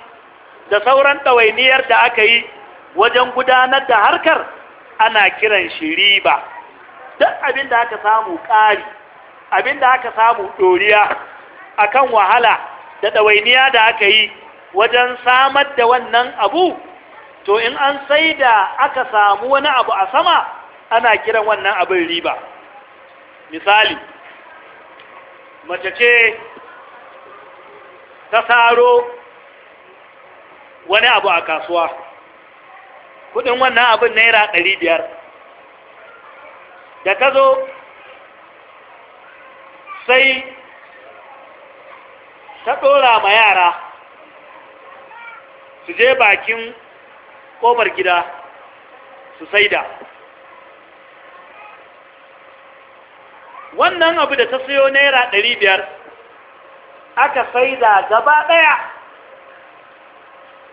da sauran ɗawainiyar da aka yi wajen gudanar da harkar ana kiran shi riba duk abin da aka samu ƙari abin da aka samu ɗoriya akan wahala da ɗawainiya da aka yi wajen samar da wannan abu to in an sai da aka samu wani abu a sama ana kiran wannan abin riba misali mace ce ta saro wani abu a kasuwa kudin wannan abin naira ɗari biyar da ka zo sai ta ɗora ma yara su je bakin ƙofar gida su saida wannan abu da ta sayo naira ɗari biyar aka saida gaba ɗaya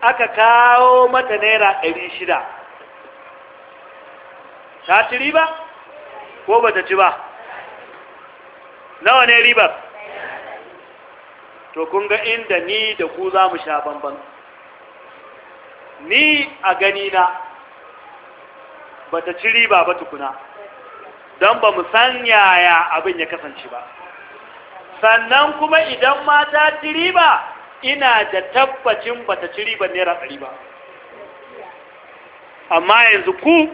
aka kawo mata naira ɗari shida ta ci riba ko ba ta ci ba nawa ne ribar to kun ga inda ni da ku za mu sha bamban ni a gani na ba ta ci riba ba tukuna don ba mu san yaya abin ya kasance ba sannan kuma idan mata ci riba ina da tabbacin bata ci riba naira ɗari ba amma yanzu ku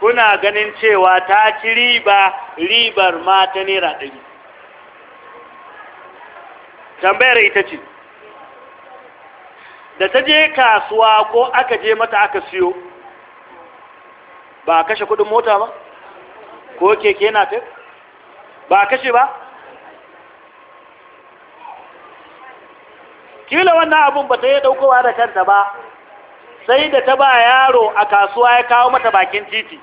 kuna ganin cewa ta ci riba ribar ma ta naira ɗari tambayar ita ce da ta je kasuwa ko aka je mata aka siyo ba kashe kudin mota ba ko keke na ta ba kashe ba kila wannan abun ba ta yi daukowa da kanta ba sai da ta ba yaro a kasuwa ya kawo mata bakin titi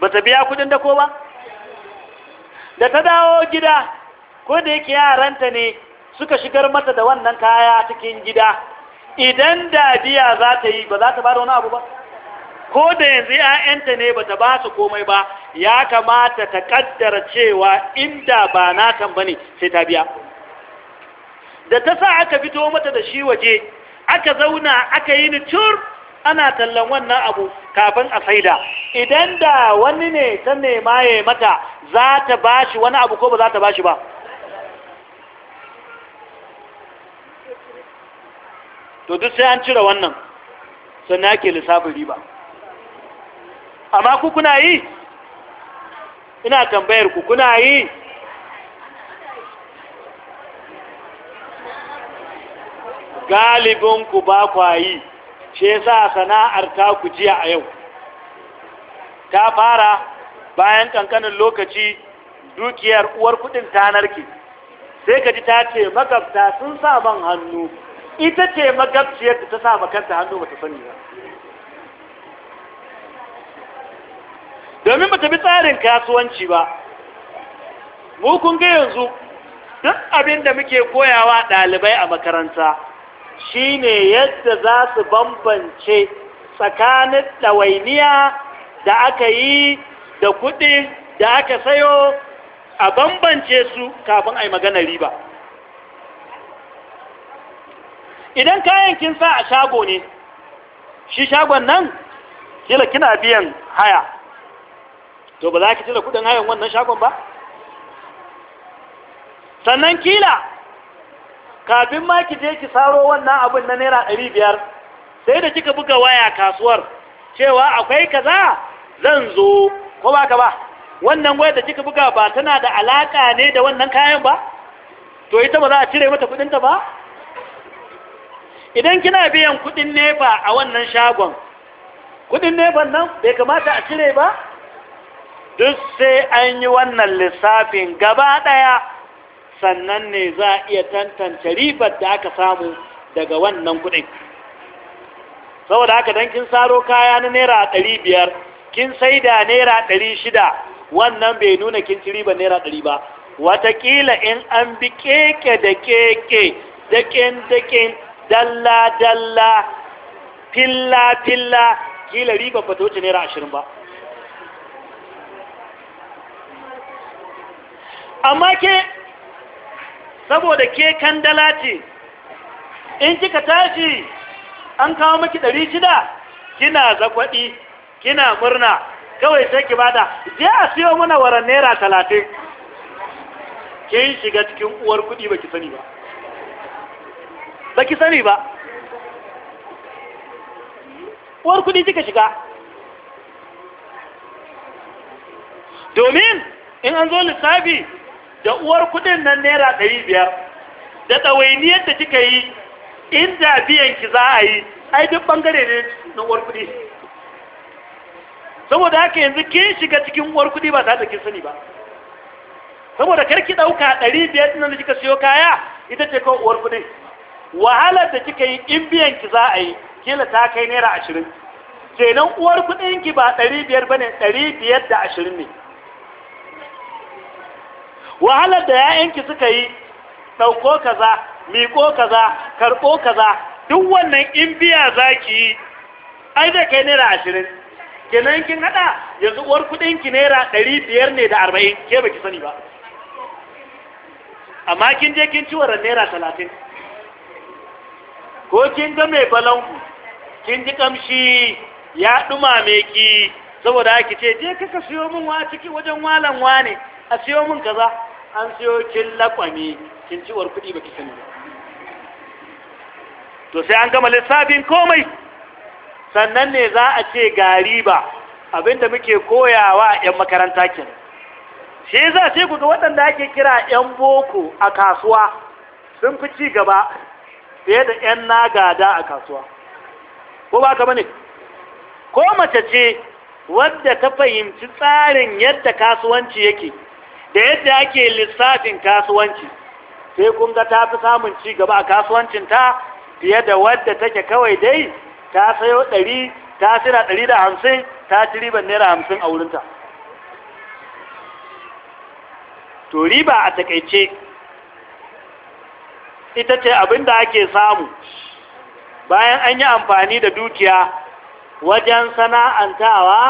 ba ta biya kudin ko ba da ta dawo gida ko da yake yaranta ne suka shigar mata da wannan kaya cikin gida idan da biya za ta yi ba za ta ba da wani abu ba ko da yanzu ‘ya'yanta ne ba ta ba su komai ba ya kamata ta kaddara cewa inda ba natan ba ne sai ta biya da ta sa aka fito mata da shi waje aka zauna aka yi nitur ana tallan wannan abu kafin a faida. idan da wani ne ta nema ya mata za ta ba shi wani abu ko ba za ta ba shi ba to duk sai an cire wannan sannan ake lissafin riba amma ku kuna yi ina tambayar ku kuna yi galibin ku ba kwayi shi sa sana'ar ta ku jiya a yau ta fara bayan kankanin lokaci dukiyar uwar kudin ta narke sai ka ji ta ce magabta sun sa man hannu ita ce magabciyar ta sa makanta hannu ba ta sani ba domin ba ta bi tsarin kasuwanci ba mu kun ga yanzu duk abin da muke koyawa ɗalibai a makaranta shine yadda za su bambance tsakanin ɗawainiya da aka yi da kuɗi da aka sayo a bambance su kafin a yi magana riba idan kayan kin sa a shago ne shi shagon nan kila kina biyan haya to ba za ki cire kuɗin hayan wannan shagon ba sannan kila kafin ma ki je ki saro wannan abin na naira ɗari biyar sai da kika buga waya kasuwar cewa akwai kaza zan zo ko ba ka ba wannan wayar da kika buga ba tana da alaƙa ne da wannan kayan ba to ita ba za a cire mata kuɗinta ba idan kina biyan kuɗin nefa a wannan shagon kudin nefan nan bai kamata a cire ba duk sai an yi wannan lissafin gaba daya sannan ne za a iya tantance ribar da aka samu daga wannan kuɗin saboda haka don kin saro kaya na naira ɗari biyar kin sai da naira ɗari shida wannan bai nuna kin ci ribar naira ɗari ba watakila in an bi keke da keke dakin dakin dalla dalla filla filla kila ribar ba ta wuce naira ashirin ba amma ke saboda ke dala ce in kika tashi an kawo miki ɗari shida kina zakwaɗi kina murna kawai sai ki bada je a siyo mana waran naira talatin kin shiga cikin uwar kuɗi baki sani ba baki sani ba uwar kuɗi kika shiga domin in an zo lissafi da uwar kudin nan naira ɗari biyar da ɗawainiyar da kika yi inda biyan ki za a yi ai duk bangare ne na uwar kudi saboda haka yanzu kin shiga cikin uwar kudi ba tare da sani ba saboda karki ɗauka ɗari biyar nan da kika siyo kaya ita ce kawai uwar kudi wahalar da kika yi in biyan ki za a yi kila ta kai naira ashirin kenan uwar kudin ki ba ɗari biyar ba ne ɗari biyar da ashirin ne wahalar da ‘ya'yanki suka yi ɗauko kaza miƙo kaza karɓo kaza duk wannan in biya za ki yi ai da kai naira ashirin kenan kin haɗa yanzu uwar kuɗinki naira ɗari biyar ne da arba'in ke baki sani ba amma kin je kin ci waran naira talatin ko kin ga mai balangu kin ji kamshi ya ɗumame ki saboda ake ce je kaka siyo min wa ciki wajen walan ne a siyo min kaza an siyo kin lakwame kin ciwar kuɗi baki sani to sai an gama lissafin komai sannan ne za a ce ga riba abinda muke koyawa a 'yan makaranta kin shi za ce ku ga waɗanda ake kira 'yan boko a kasuwa sun fi ci gaba fiye da 'yan nagada a kasuwa ko ba ka bane ko mace ce wadda ta fahimci tsarin yadda kasuwanci yake da yadda ake lissafin kasuwanci sai kun ga ta fi samun ci gaba a kasuwancin ta fiye da wadda take kawai dai ta sayo ɗari ta sira ɗari da hamsin ta ci riban naira hamsin a wurinta to riba a takaice ita ce abin da ake samu bayan an yi amfani da dukiya wajen sana'antawa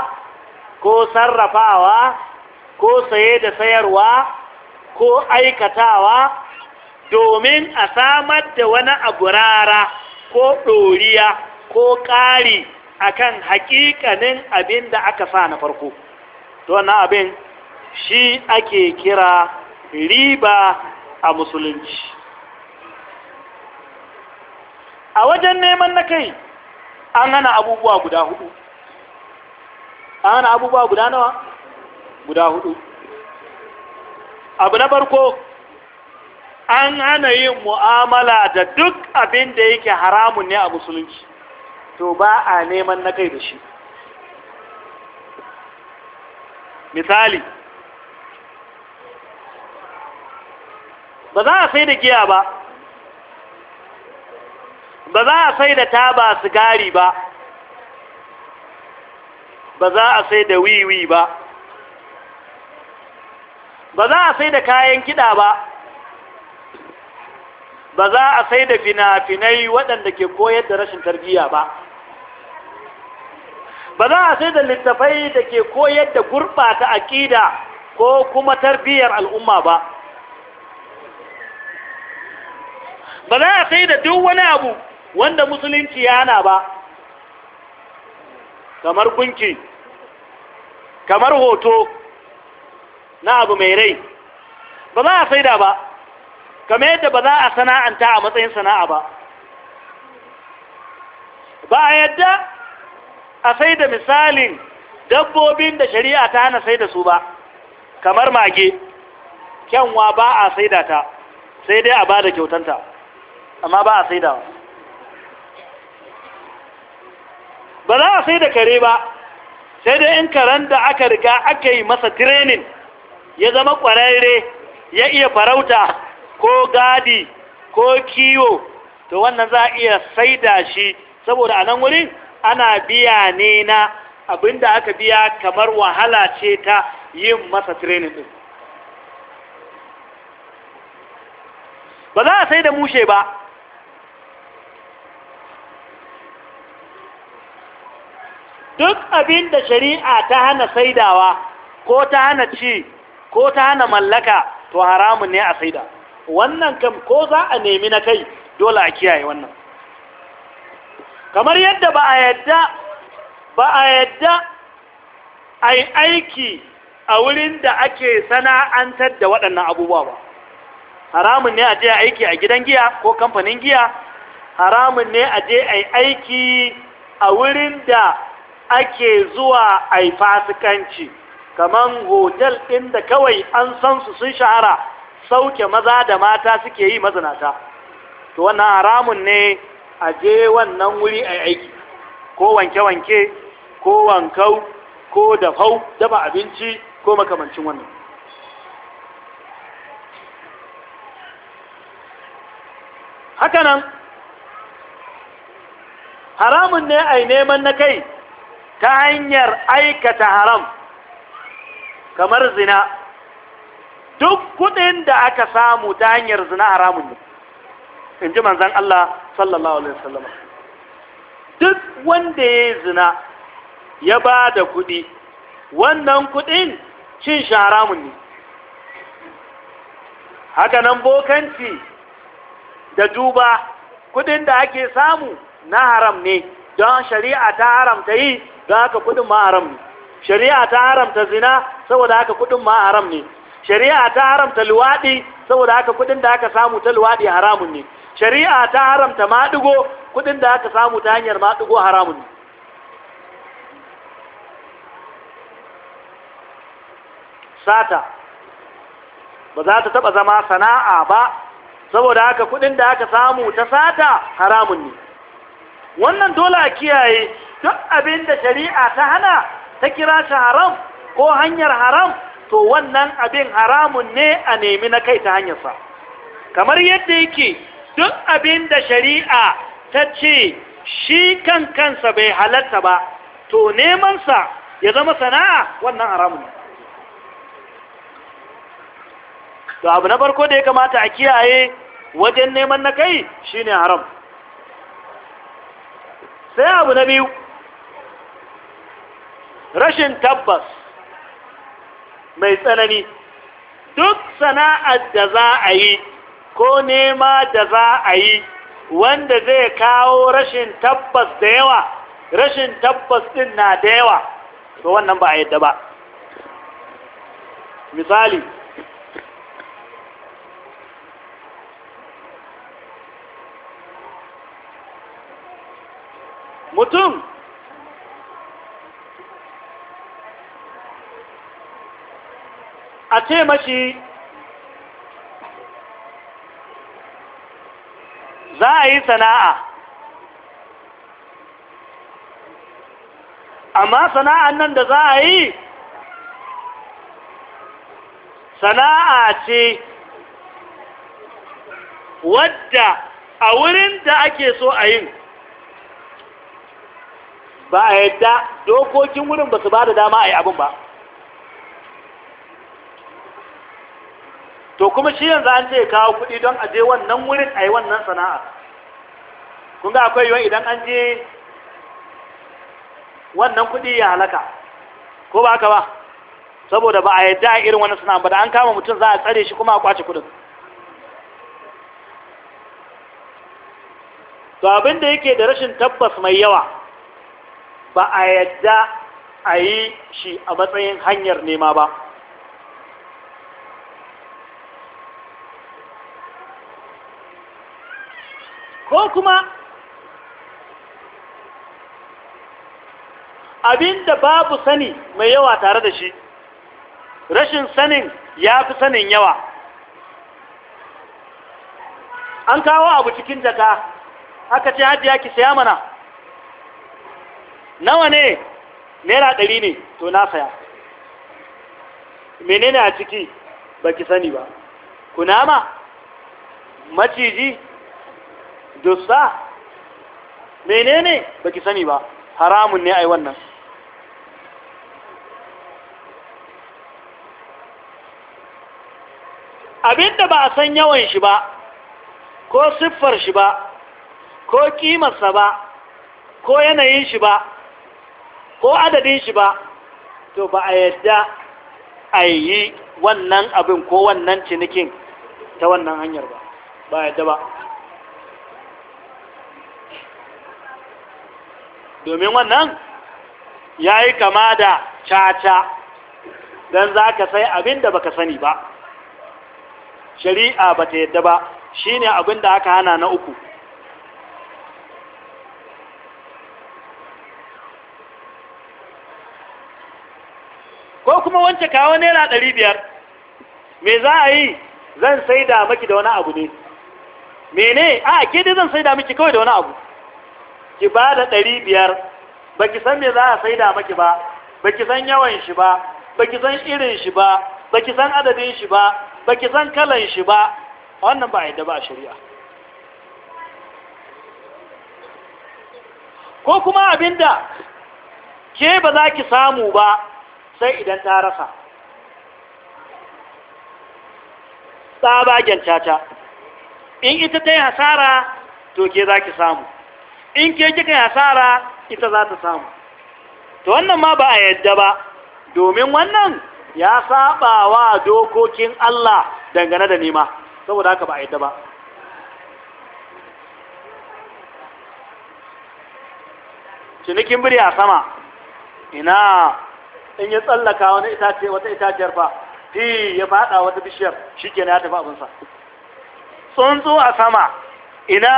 ko sarrafawa ko saye da sayarwa ko aikatawa domin a samar da wani aburara ko ɗoriya ko ƙari akan haƙiƙanin abin da aka sa na farko don abin shi ake kira riba a musulunci a wajen neman na kai an hana abubuwa guda hudu an hana abubuwa guda nawa guda hudu abu na farko an hana yin mu'amala da duk abin da yake haramun ne a musulunci to ba a neman na kai da shi misali ba za a sai da giya ba ba za a sai da taba sigari ba ba za a sai da wiwi ba ba za a sai da kayan kiɗa ba ba za a sai da fina-finai waɗanda ke koyar da rashin tarbiyya ba ba za a sai da littafai da ke koyar da gurɓata aƙida ko kuma tarbiyyar al'umma ba ba za a sai da duk wani abu wanda musulunci yana ba kamar gunki kamar hoto na abu mai rai ba za a saida ba kamar yadda ba za a sana'anta a matsayin sana'a ba ba a yadda a saida misalin dabbobin da shari'a ta hana saida su ba kamar mage kyanwa ba a saida ta sai dai a ba da kyautanta amma ba a da. ba za a saida kare ba sai dai in karen da aka riga aka yi masa tirenin ya zama ƙwararre ya iya farauta ko gadi ko kiwo to wannan za a iya saida shi saboda a nan wurin ana biya ne na abinda aka biya kamar wahala ce ta yin masa training ɗin. ba za a sai da mushe ba duk abinda shari'a ta hana saidawa ko ta hana ci ko ta hana mallaka to haramun ne a saida wannan kam ko za a nemi na kai dole a kiyaye wannan kamar yadda ba a yadda ba a yadda a yi aiki a wurin da ake sana'antar da waɗannan abubuwa ba haramun ne a je aiki a gidan giya ko kamfanin giya haramun ne a je a aiki a wurin da ake zuwa a yi fasikanci kaman hotel ɗin da kawai an san su sun shahara sauke maza da mata suke yi mazinata to wannan haramun ne a je wannan wuri a aiki ko wanke-wanke ko wankau ko dafau dafa abinci ko makamancin wannan hakanan haramun ne a neman na kai ta hanyar aikata haram kamar zina duk kudin da aka samu ta hanyar zina haramun ne in ji manzan Allah sallallahu alaihi sallama duk wanda ya zina ya ba da kudi wannan kudin cin shi haramun ne haka nan bokanci da duba kudin da ake samu na haram ne don shari'a ta haram ta yi don haka kudin ma haram ne shari'a ta haramta zina saboda haka kudin ma haram ne shari'a ta haramta luwaɗi saboda haka kudin da aka samu ta luwaɗi haramun ne shari'a ta haramta maɗigo kudin da aka samu ta hanyar maɗigo haramun ne sata ba za ta taɓa zama sana'a ba saboda haka kudin da aka samu ta sata haramun ne wannan dole a kiyaye duk abin da shari'a ta hana ta kira shi haram ko hanyar haram to wannan abin haramun ne a nemi na kai ta hanyarsa kamar yadda yake duk abin da shari'a ta ce shi kan kansa bai halatta ba to nemansa ya zama sana'a wannan haramun ne to abu na farko da ya kamata a kiyaye wajen neman na kai shine haram sai abu na biyu rashin tabbas mai tsanani duk sana'ar da za a yi ko nema da za a yi wanda zai kawo rashin tabbas da yawa rashin tabbas din na da yawa to wannan ba a yadda ba misali mutum a ce mashi za a yi sana'a amma sana'a nan da za a yi sana'a ce wadda a wurin da ake so a yin ba a yadda dokokin wurin ba su ba da dama a yi abin ba to kuma shi yanzu an ce kawo kudi don a je wannan wurin a yi wannan sana'a kun ga akwai yiwuwa idan an je wannan kudi ya halaka ko ba haka ba saboda ba a yadda a irin wani sana'a ba da an kama mutum za a tsare shi kuma a kwace kuɗin to abin da yake da rashin tabbas mai yawa ba a yadda a yi shi a matsayin hanyar nema ba ko kuma abinda babu sani mai yawa tare da shi rashin sanin ya fi sanin yawa an kawo abu cikin jaka aka ce hajji ya ki saya mana nawa ne naira ɗari ne to na saya menene a ciki ba ki sani ba kunama maciji dusa menene baki sani ba haramun ne ai wannan abinda ba a san yawan shi ba ko siffar shi ba ko kimarsa ba ko yanayin shi ba ko adadin shi ba to ba a yadda a yi wannan abin ko wannan cinikin ta wannan hanyar ba ba yadda ba domin wannan ya yi kama da caca don za ka sai abin da ka sani ba shari'a ba ta yadda ba shi ne abin da aka hana na uku ko kuma wance kawo naira ɗari biyar me za a yi zan sai da maki da wani abu ne mene a ke zan sai da miki kawai da wani abu ki ba da ɗari biyar ba ki san me za a saida maki ba ba ki san yawan shi ba ba ki san irin shi ba ba ki san adadin shi ba ba ki san kalan shi ba wannan ba a yadda ba a shari'a ko kuma abinda ke ba za ki samu ba sai idan ta rasa tsabagen caca in ita ta yi hasara to ke za ki samu in ke kika hasara ita za ta samu Ta wannan ma ba a yadda ba domin wannan ya saba wa dokokin Allah dangane da nema saboda haka ba a yadda ba cinikin biri a sama ina in ya tsallaka wani itace wata itaciyar fa fi ya fada wata bishiyar shi ya tafi abinsa tsuntsu a sama ina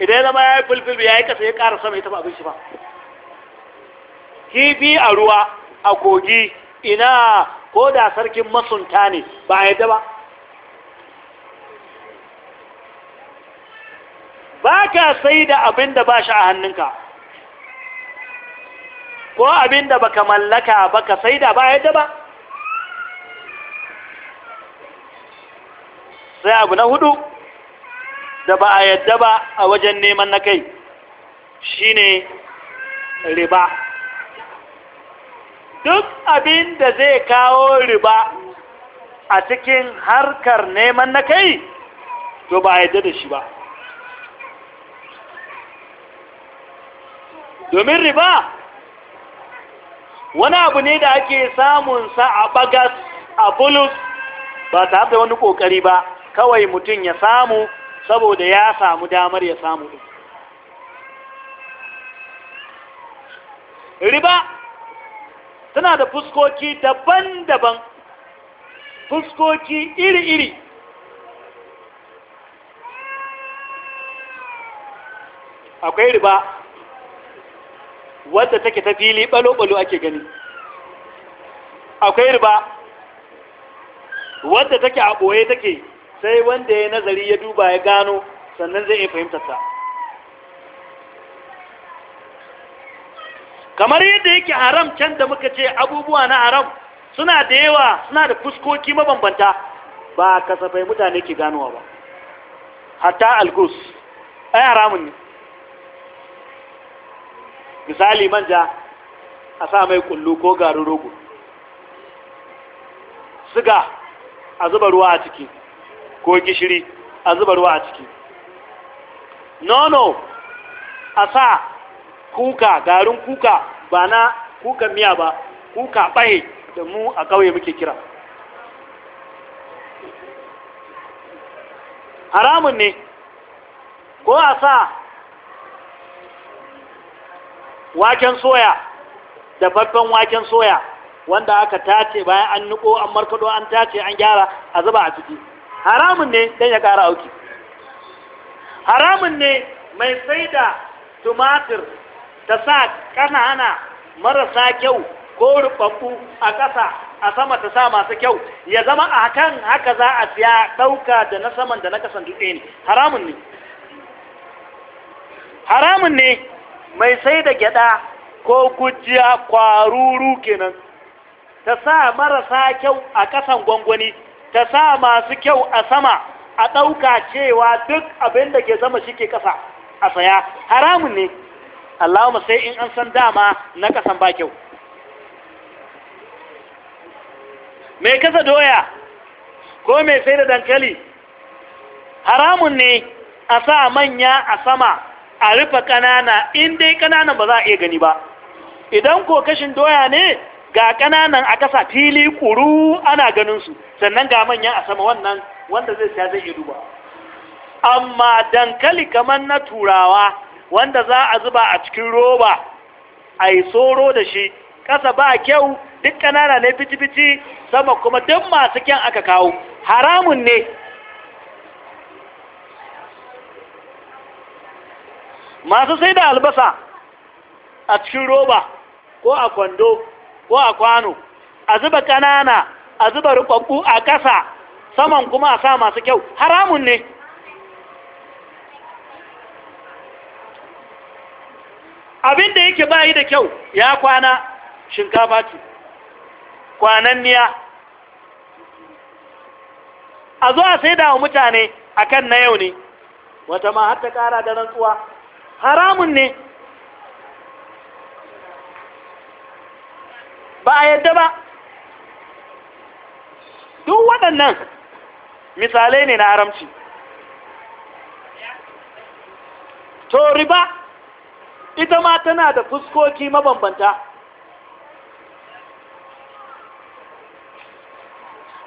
idan zama ya yi bulbul ya yi kasa ya ƙara sama ya taɓa abin shi ba kifi a ruwa a kogi ina ko da sarkin masunta ne ba a yadda ba ba ka sai da abin da ba shi a hannunka ko abin da ka mallaka ka sai da ba a yadda ba sai abu na hudu da ba a yadda ba a wajen neman na kai shine riba duk abin da zai kawo riba a cikin harkar neman na kai to ba a yadda da shi ba domin riba wani abu ne da ake sa a bagas a bulus ba ta da wani ƙoƙari ba kawai mutum ya samu saboda ya samu damar ya samu ɗin riba tana da fuskoki daban-daban fuskoki iri-iri akwai riba wadda take ta fili balo-balo ake gani akwai riba wadda take a ɓoye take sai wanda ya nazari ya duba ya gano sannan zai iya fahimtarsa kamar yadda yake haram can da muka ce abubuwa na haram suna da yawa suna da fuskoki mabambanta ba a kasafai mutane ke ganowa ba hatta algus ai haramun ne misali manja a sa mai kullu ko garin rogo siga a zuba ruwa a ciki ko gishiri a zuba ruwa a ciki nono a sa kuka garin kuka ba na kuka miya ba kuka ɓaye da mu a kawai muke kira haramun ne ko a sa waken soya da babban waken soya wanda aka tace bayan an niko an markado an tace an gyara a zuba a ciki haramun ne don ya ƙara auki haramun ne mai sai da tumatir ta sa ƙanana marasa kyau ko rubabbu a ƙasa a sama ta sa masu kyau ya zama a kan haka za a siya ɗauka da na saman da na kasan dutse ne haramun ne haramun ne mai sai da gyada ko kujiya kwaruru kenan ta sa marasa kyau a ƙasan gwangwani ta sa masu kyau a sama a ɗauka cewa duk abin da ke sama shi ke ƙasa a saya haramun ne allahumma sai in an san dama na ƙasan ba kyau mai kasa doya ko mai sai da dankali haramun ne a sa manya a sama a rufe ƙanana in dai ƙananan ba za a iya gani ba idan ko kashin doya ne ga ƙananan a ƙasa fili kuru ana ganin su sannan ga manyan a sama wannan wanda zai saya zai yi duba amma dankali kamar na turawa wanda za a zuba a cikin roba a yi soro da shi ƙasa ba kyau duk ƙanana ne fiti-fiti sama kuma duk masu kyan aka kawo haramun ne masu sai da albasa a cikin roba ko a kwando ko a kwano a zuba ƙanana a zuba rukakku a ƙasa saman kuma a sa masu kyau haramun ne abin da yake bayi da kyau ya kwana shinkafa ce kwananniya a zuwa sai da wa mutane kan na yau ne wata ma har ta ƙara da rantsuwa haramun ne ba a yadda ba duk waɗannan misalai ne na haramci to riba ita ma tana da fuskoki mabambanta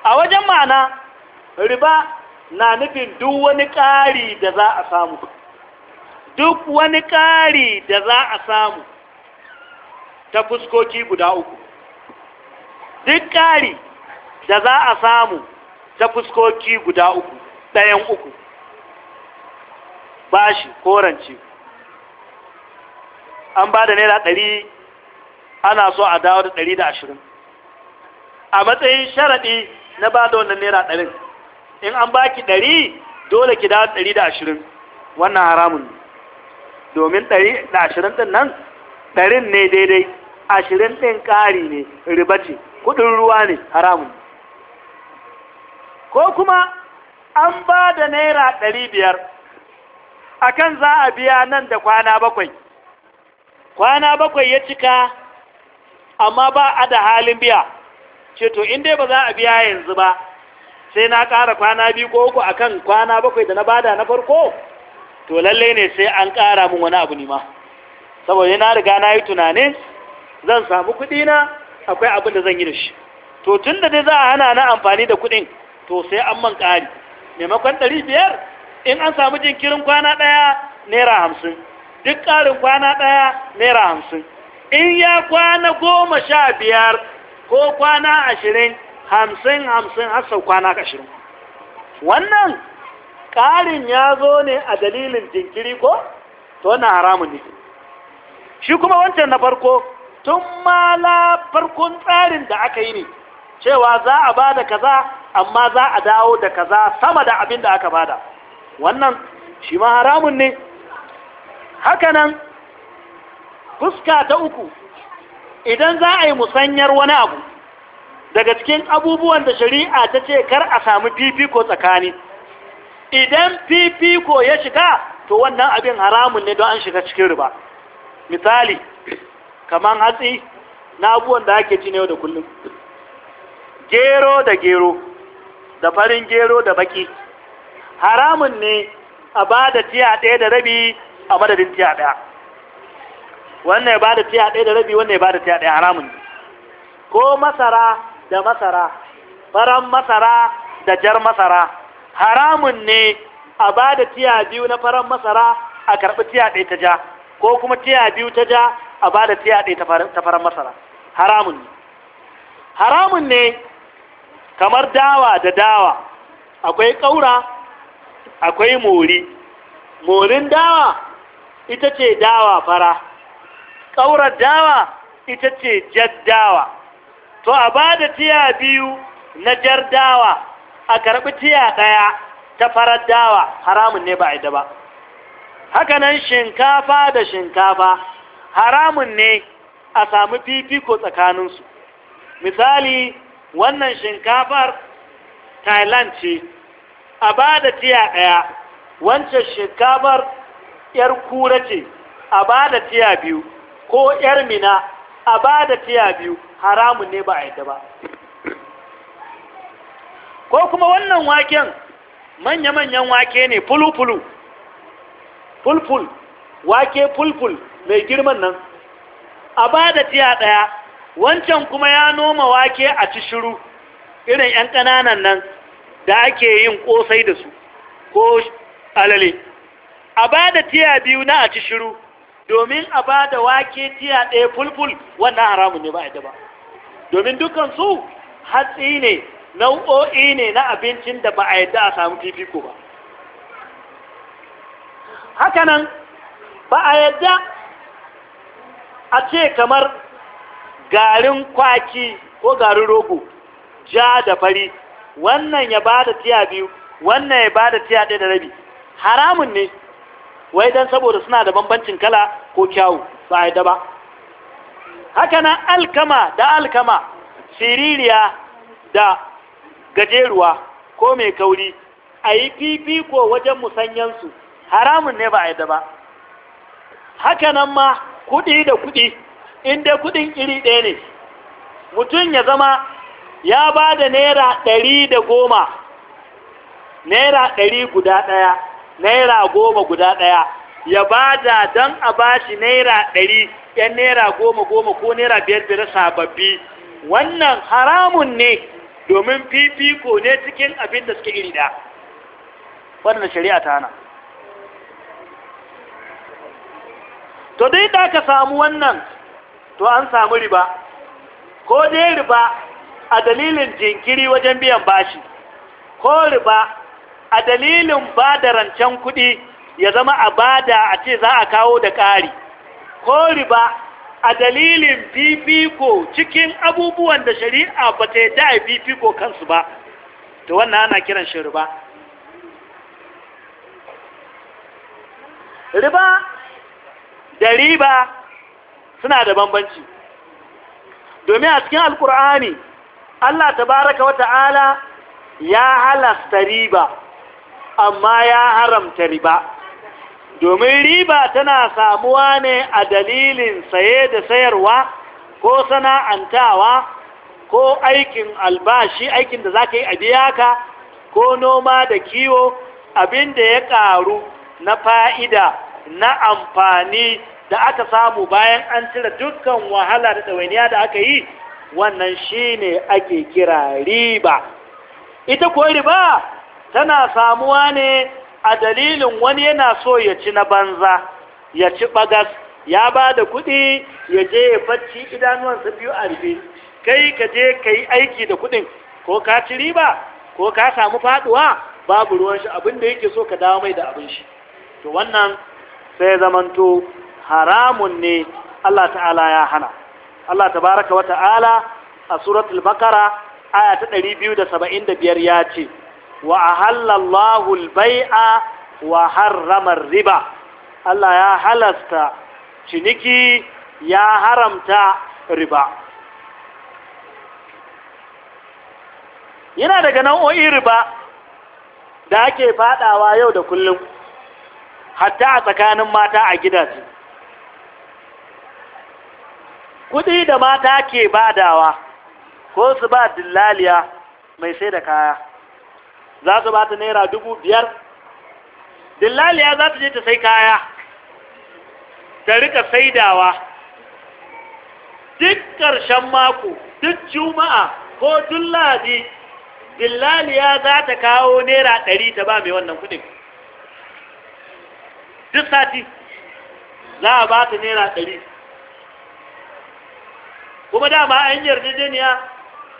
a wajen ma'ana riba na nufin duk wani ƙari da za a samu duk wani ƙari da za a samu ta fuskoki guda uku duk ƙari da za a samu ta fuskoki guda uku ɗayan uku ba shi korance an ba da naira ɗari ana so a dawo da ɗari da ashirin a matsayin sharaɗi na ba da wannan naira ɗarin in an baki ɗari dole ki dawo da ɗari da ashirin wannan haramun ne domin ɗari da ashirin ɗin nan ɗarin ne daidai ashirin ɗin ƙari ne riba ce kudin ruwa ne haramun ko kuma an ba da naira ɗari biyar a kan za a biya nan da kwana bakwai kwana bakwai ya cika amma ba a da halin biya ce to in dai ba za a biya yanzu ba sai na ƙara kwana biyu ko uku kan kwana bakwai da na bada na farko to lalle ne sai an ƙara min wani abu ne ma saboda na riga na yi tunanin zan samu kuɗi na akwai abin da zan yi da shi to tun da dai za a hana na amfani da kuɗin to sai an man ƙari maimakon ɗari biyar in an samu jinkirin kwana ɗaya naira hamsin duk ƙarin kwana ɗaya naira hamsin in ya kwana goma sha biyar ko kwana ashirin hamsin hamsin har sau kwana ashirin wannan ƙarin ya zo ne a dalilin jinkiri ko to na haramun ne shi kuma wancan na farko tun mala farkon tsarin da aka yi ne cewa za a ba da kaza amma za a dawo da kaza sama da abin da aka bada wannan shi ma haramun ne hakanan fuska ta uku idan za a yi musanyar wani abu daga cikin abubuwan da shari'a ta ce kar a sami fifiko tsakani idan fifiko ya shiga to wannan abin haramun ne don an shiga cikin riba misali kaman hatsi na abubuwan da ake ci yau da kullum gero da gero da farin gero da baki haramun ne a ba da tiya ɗaya da rabi a madadin tiya ɗaya wannan ba da tiya ɗaya da rabi wannan ba da tiya ɗaya haramun ne ko masara da masara faran masara da jar masara haramun ne a ba da tiya biyu na faran masara a karɓi tiya ɗaya ta ja ko kuma tiya biyu ta ja a ba da tiya ɗaya masara haramun ne haramun ne kamar dawa da dawa akwai ƙaura akwai mori morin dawa ita ce dawa fara ƙaurar dawa ita ce jaddawa to a ba da tiya biyu na jar dawa a karɓi tiya ɗaya ta farar dawa haramun ne ba a yi da ba hakanan shinkafa da shinkafa haramun ne a sami fifiko tsakaninsu misali wannan shinkafar thailand ce a ba da tiya ɗaya wancan shinkafar 'yar kura ce a ba da tiya biyu ko 'yar mina a ba da tiya biyu haramun ne ba a yadda ba ko kuma wannan waken manya-manyan wake ne fulu-fulu fulful wake fulful mai girman nan a ba da tiya ɗaya wancan kuma ya noma wake a ci shiru irin 'yan ƙananan nan da ake yin ƙosai da su ko alale a ba da tiya biyu na a ci shiru domin a ba da wake tiya ɗaya fulful wannan haramun ne ba a ba domin dukansu hatsi ne nau'o'i ne na abincin da ba a yadda a samu fifiko ba hakanan ba a yadda a ce kamar garin kwaki ko garin rogo ja da fari wannan ya ba da tiya biyu wannan ya ba da tiya ɗaya da rabi haramun ne wai don saboda suna da bambancin kala ko kyawu ba a yada ba haka nan alkama da alkama siririya da gajeruwa ko mai kauri a yi fifiko wajen musanyansu haramun ne ba a yada ba haka nan ma kuɗi da kuɗi in dai kuɗin iri ɗaya ne mutum ya zama ya ba da naira ɗari da goma naira ɗari guda ɗaya naira goma guda ɗaya ya ba da don a ba shi naira ɗari ‘yan naira goma goma ko naira biyar biyar sababbi wannan haramun ne domin fifiko ne cikin abin da suke iri ɗaya wannan shari'a ta hana to dai da ka samu wannan to an samu riba ko dai riba a dalilin jinkiri wajen biyan bashi ko riba a dalilin ba da rancen kuɗi ya zama a bada a ce za a kawo da ƙari ko riba a dalilin fifiko cikin abubuwan da shari'a ba ta yadda a fifiko kansu ba to wannan ana kiran shi riba riba da riba suna da bambanci domin a cikin alkur'ani Allah tabaraka wa ta'ala ya halasta riba amma ya haramta riba domin riba tana samuwa ne a dalilin saye da sayarwa ko sana'antawa ko aikin albashi aikin da za ka yi a biya ko noma da kiwo abin da ya ƙaru na fa'ida na amfani da aka samu bayan an cire dukkan wahala da ɗawainiya da aka yi wannan shine ake kira riba ita ko riba tana samuwa ne a dalilin wani yana so ya ci na banza ya ci bagas ya ba da kuɗi ya je ya facci idanuwansa biyu a rufe kai ka je ka yi aiki da kuɗin ko ka ci riba ko ka samu faduwa, babu ruwan shi abin da yake so ka dawo mai da abin shi to wannan sai zamanto haramun ne Allah ta'ala ya hana Allah tabaraka wa ta'ala a suratul bakara aya ta 275 ya ce wa ahallallahu albay'a wa harrama riba Allah ya halasta ciniki ya haramta riba yana daga nau'o'in riba da ake fadawa yau da kullum hatta a tsakanin mata a gidaje kuɗi da mata ke badawa ko su ba dillaliya mai sai da kaya za su ba ta naira dubu biyar dillaliya za ta je ta sai kaya ta rika saidawa duk ƙarshen mako duk juma'a ko duk dillaliya za ta kawo naira ɗari ta ba mai wannan kudin duk sati za a ba ta naira ɗari kuma dama an yarjejeniya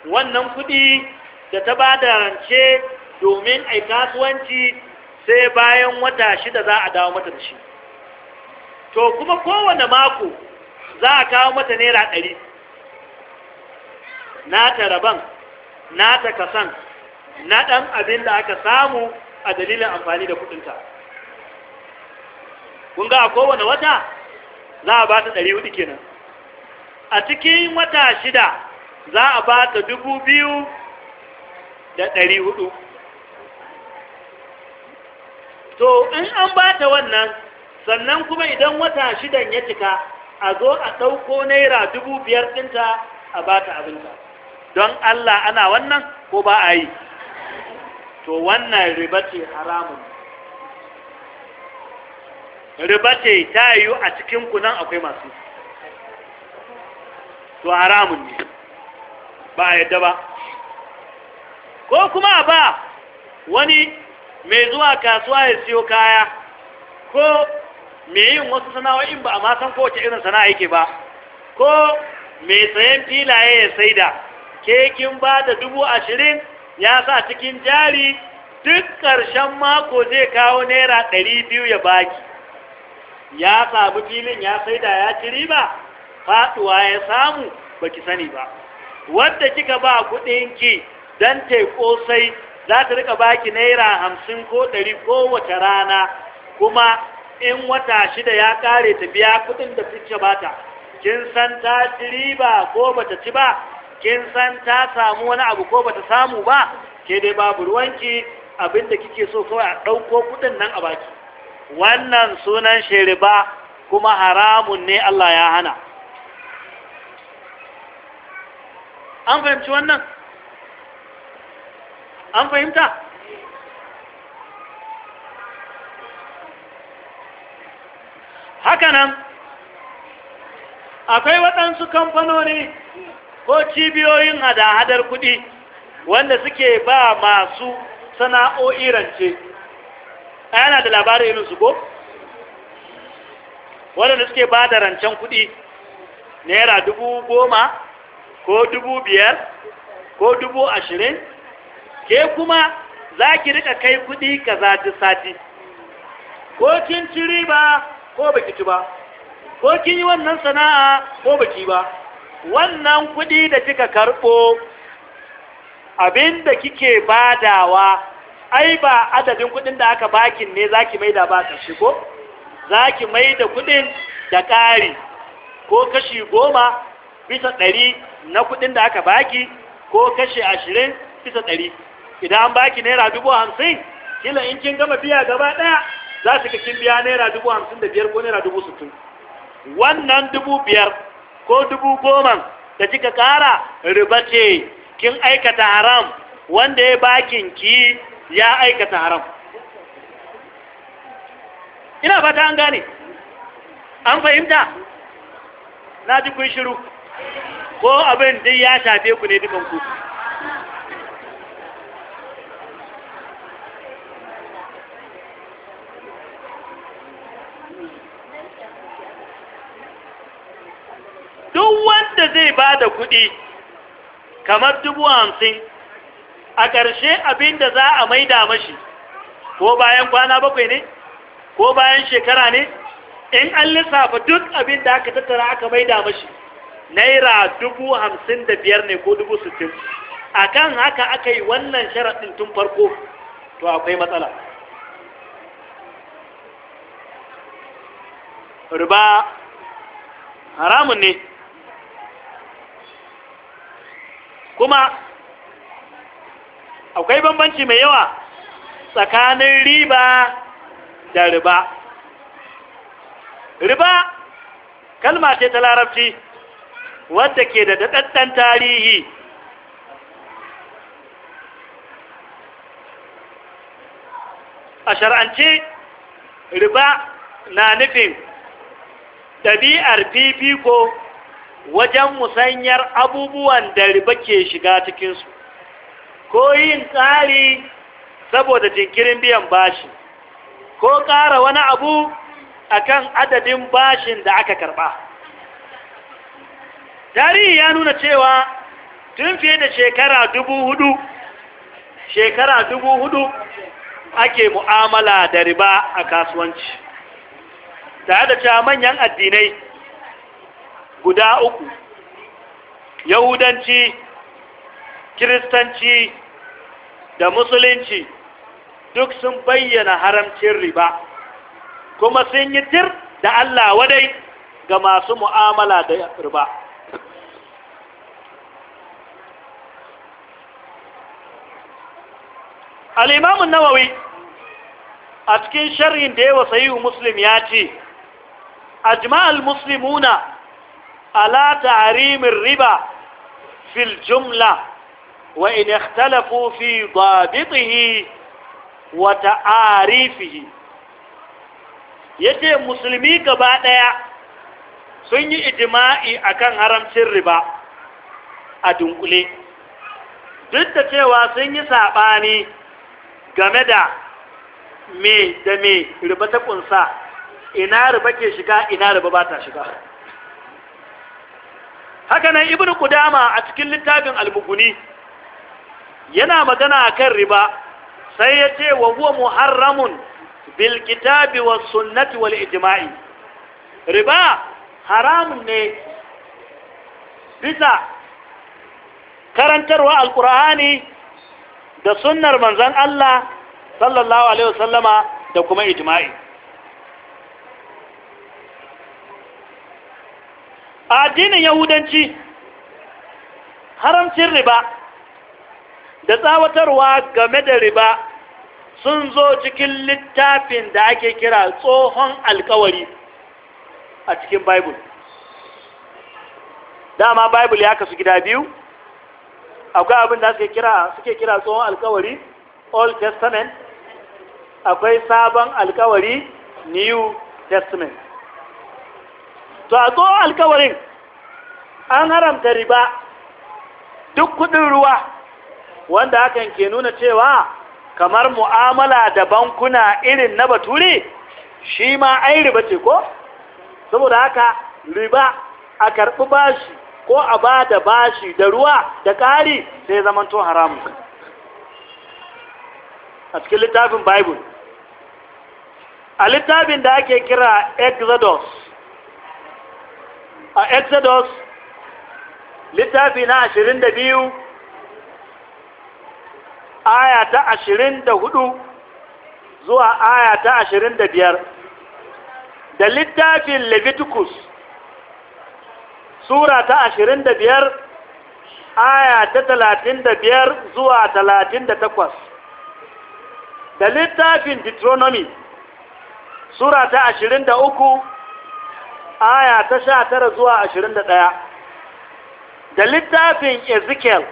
wannan kuɗi da ta ba da rance domin a kasuwanci sai bayan wata shida za a dawo mata da shi to kuma kowane mako za a kawo mata naira ɗari na ta rabon na ta kasan na ɗan abin da aka samu a dalilin amfani da kuɗinta kun ga a kowane wata za a ba ta ɗari hudu kenan a cikin wata shida za a ba ta dubu biyu da ɗari hudu to in an ba ta wannan sannan kuma idan wata shidan ya cika a zo a ɗauko naira dubu biyar ɗinta a ba ta abinta don Allah ana wannan ko ba a yi to wannan riba ce haramun riba ta yiwu a cikin nan akwai masu to haramun ne ba a yadda ba ko kuma ba wani mai zuwa kasuwa ya siyo kaya ko mai yin wasu sana'o'in ba a masan kowace irin sana'a yake ba ko mai sayan filaye ya sai da kekin ba da dubu ashirin ya sa cikin jari duk ƙarshen mako zai kawo naira ɗari biyu ya baki ya samu filin ya saida ya ci riba faduwa ya samu ba ki sani ba wanda kika ba ki dan tai kosai za ta rika baki naira hamsin ko ɗari kowace rana kuma in wata shida ya kare ta biya kudin da fice bata kin san ta ci riba ko bata ci ba kin san ta samu wani abu ko bata samu ba ke dai babu ruwanki abinda kike so kawai a ɗauko kudin nan a baki wannan sunan shi kuma haramun ne Allah ya hana an fahimci wannan an fahimta hakanan akwai waɗansu kamfanoni ko cibiyoyin hada-hadar kuɗi wanda suke ba masu sana'o'i rance yana da labarin irin su ko waɗanda suke ba da rancen kuɗi naira dubu goma ko dubu biyar ko dubu ashirin ke kuma za ki rika kai kuɗi ka zaɗi sati ko kin ci riba ko baki ba ko kin yi wannan sana'a ko baki ba wannan kuɗi da kika karɓo abinda kike badawa ai ba adadin kuɗin da aka bakin ne zaki maida ba ka shigo zaki maida kuɗin da ƙari ko kashi goma bisa ɗari na kuɗin da aka baki ko kashi ashirin bisa ɗari idan an baki naira dubu hamsin kila in kin gama biya gaba ɗaya za su kin biya naira dubu hamsin da biyar ko naira dubu sittin wannan dubu biyar ko dubu da kika ƙara ribace ce kin aikata haram wanda ya bakin ki ya aikata haram ina fata an gane an fahimta na ji kun shiru ko abin dai ya shafe ku ne dukanku duk wanda zai ba da kuɗi kamar dubu hamsin a ƙarshe abin da za a maida mashi ko bayan kwana bakwai ne ko bayan shekara ne in an lissafa duk abin da aka tattara aka maida mashi naira dubu hamsin da biyar ne ko dubu sittin a kan haka aka yi wannan sharaɗin tun farko to akwai matsala riba haramun ne kuma akwai bambanci mai yawa tsakanin riba da riba riba kalma ce ta larabci wadda ke da daɗaɗɗen tarihi a shar'ance riba na nufin ɗabi'ar fifiko wajen musanyar abubuwan da riba ke shiga cikinsu ko yin tsari saboda jinkirin biyan bashi ko ƙara wani abu akan adadin bashin da aka karɓa tarihi ya nuna cewa tun fiye da shekara dubu hudu shekara dubu hudu ake mu'amala da riba a kasuwanci tare da cewa manyan addinai guda uku yahudanci kiristanci da musulunci duk sun bayyana haramcin riba kuma sun yi tir da Allah wadai ga masu mu'amala da riba al'imamun nawawi a cikin sharhin da yawa sayi muslim ya ce ajma'al muslimuna ala tahrimin riba fil jumla wa talafofi ikhtalafu fi dabitihi wa ta'arifihi yace musulmi gaba sun yi ijima'i akan haramcin riba a dunkule duk da cewa sun yi saɓani game da me da me riba ta kunsa ina riba ke shiga ina riba ba ta shiga haka nan ibnu a cikin littafin al yana magana akan riba sai ya ce wa huwa muharramun bil kitabi was sunnati wal ijma'i riba haramun ne bisa karantarwa alqur'ani da sunnar manzon Allah sallallahu alaihi wasallama da kuma ijma'i addinin yahudanci haramcin riba da tsawatarwa game da riba sun zo cikin littafin da ake kira tsohon alkawari a cikin bible dama bible ya kasu gida biyu akwai abin da suke kira suke kira tsohon alkawari old testament akwai sabon alkawari new testament to a tsohon alkawarin an haramta riba duk kudin ruwa wanda hakan ke nuna cewa kamar mu'amala da bankuna irin na bature shi ma ai riba ce ko saboda haka riba a karɓi bashi ko a ba da bashi da ruwa da ƙari sai zaman to haramun a cikin littafin bible a littafin da ake kira exodus a exodus littafi na ashirin biyu aya ta ashirin da hudu zuwa aya ta ashirin da biyar da littafin leviticus sura ta ashirin da biyar aya ta talatin da biyar zuwa talatin da takwas da littafin deuteronomy sura ta ashirin da uku aya ta sha tara zuwa ashirin da ɗaya da littafin ezekiel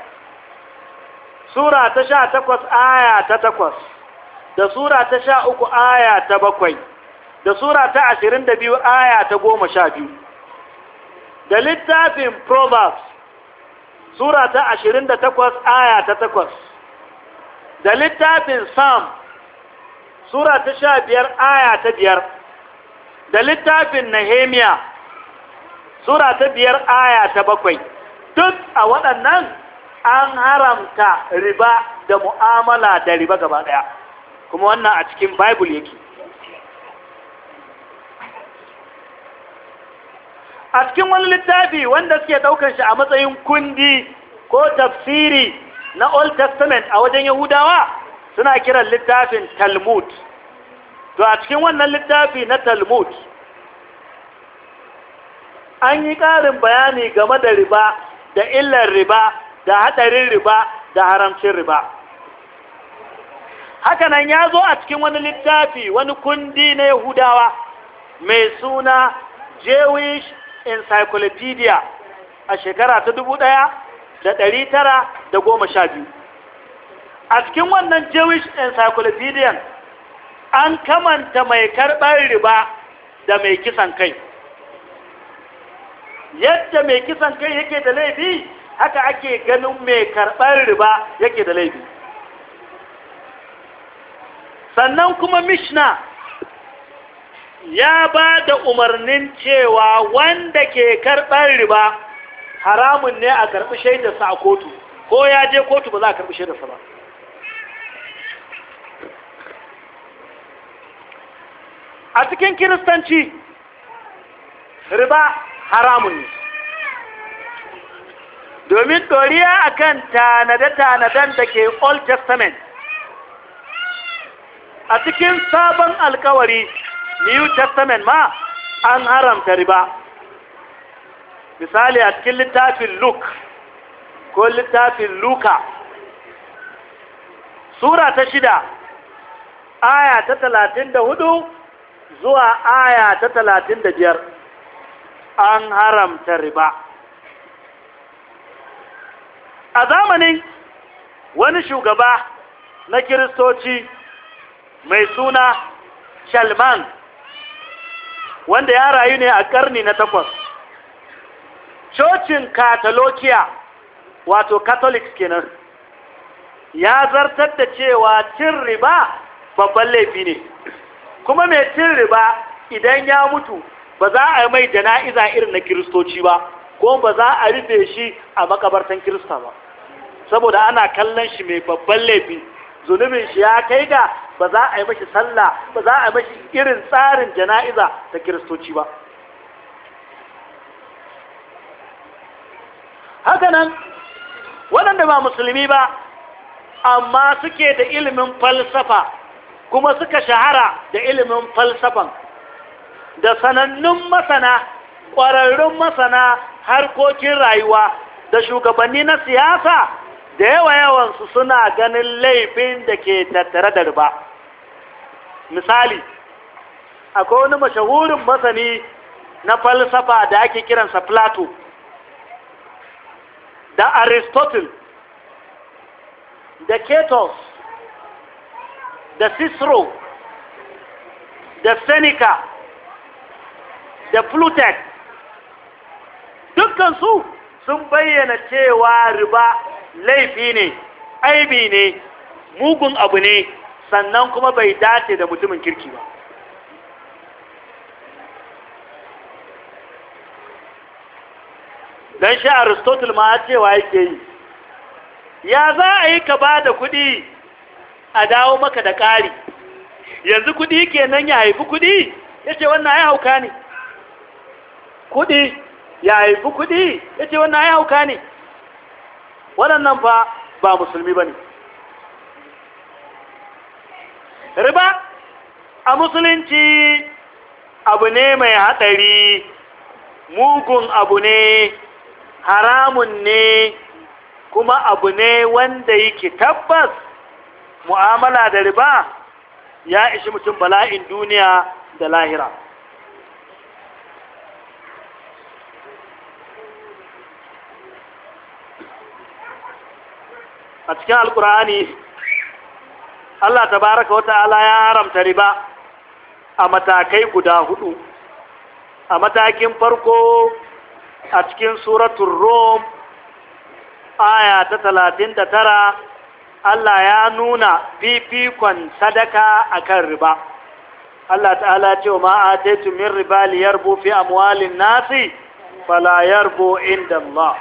sura ta sha takwas aya ta takwas da sura ta sha uku aya ta bakwai da sura ta ashirin da biyu aya ta goma sha biyu da littafin proverbs sura ta ashirin da takwas aya ta takwas da littafin sam sura ta sha biyar aya ta biyar da littafin nehemiya sura ta biyar aya ta bakwai duk a waɗannan an haramta riba da mu'amala da riba gaba daya kuma wannan a cikin bible yake a cikin wani littafi wanda suke daukan shi a matsayin kundi ko tafsiri na old testament a wajen yahudawa suna kiran littafin talmud to a cikin wannan littafi na talmud an yi ƙarin bayani game da riba da illar riba da hadarin riba da haramcin riba hakanan ya zo a cikin wani littafi wani kundi na yahudawa mai suna jewish encyclopedia a shekara ta dubu ɗaya da dari tara da goma sha biyu a cikin wannan jewish encyclopedia an kamanta mai karɓar riba da mai kisan kai yadda mai kisan kai yake da laifi haka ake ganin mai karɓar riba yake da laifi sannan kuma mishna ya ba da umarnin cewa wanda ke karɓar riba haramun ne a karɓi shaidarsa a kotu ko ya je kotu ba za a karɓi shaidarsa ba a cikin kiristanci riba haramun ne domin doriya akan tanade-tanaden da ke old testament a cikin sabon alkawari new testament ma an haramta riba misali a cikin littafin luke ko littafin luka sura ta shida aya ta talatin da hudu zuwa aya ta talatin da biyar an haramta riba a zamanin wani shugaba na kiristoci mai suna shalman wanda ya rayu ne a karni na takwas cocin katalokiya wato catholics kenan ya zartar da cewa cin riba babban laifi ne kuma mai cin riba idan ya mutu ba za a mai jana'iza irin na kiristoci ba ko ba za a rufe shi a makabartan kirista ba saboda ana kallon shi mai babban laifi zunubin shi ya kai ga ba za a yi mashi sallah ba za a yi mashi irin tsarin jana'iza ta kiristoci ba Haka nan, waɗanda ba musulmi ba amma suke da ilimin falsafa kuma suka shahara da ilimin falsafan da sanannun masana ƙwararrun masana harkokin rayuwa da shugabanni na siyasa da yawa yawansu suna ganin laifin da ke tattare da riba misali akwai wani mashahurin masani na falsafa da ake kiransa plato da aristotle da ketos da cicero da seneca da plutarch dukkan su sun bayyana cewa riba laifi ne aibi ne mugun abu ne sannan kuma bai dace da mutumin kirki ba don shi aristotle ma cewa yake yi ya za a yi ka ba da kuɗi a dawo maka da ƙari yanzu kuɗi kenan ya haifi kuɗi ya ce wannan ya hauka ne kudi ya haifi kuɗi ya ce wannan ya hauka ne waɗannan fa ba musulmi ba ne riba a musulunci abu ne mai haɗari mugun abu ne haramun ne kuma abu ne wanda yake tabbas mu'amala da riba ya ishi mutum bala'in duniya da lahira a cikin alkur'ani Allah Ta wata ala ya haramta riba a matakai guda hudu a matakin farko a cikin suratun rom aya ta talatin da tara Allah ya nuna fifikon sadaka akan riba Allah ta'ala ce ma ataitu min riba liyarbu fi amwalin nasi fala yarbu inda Allah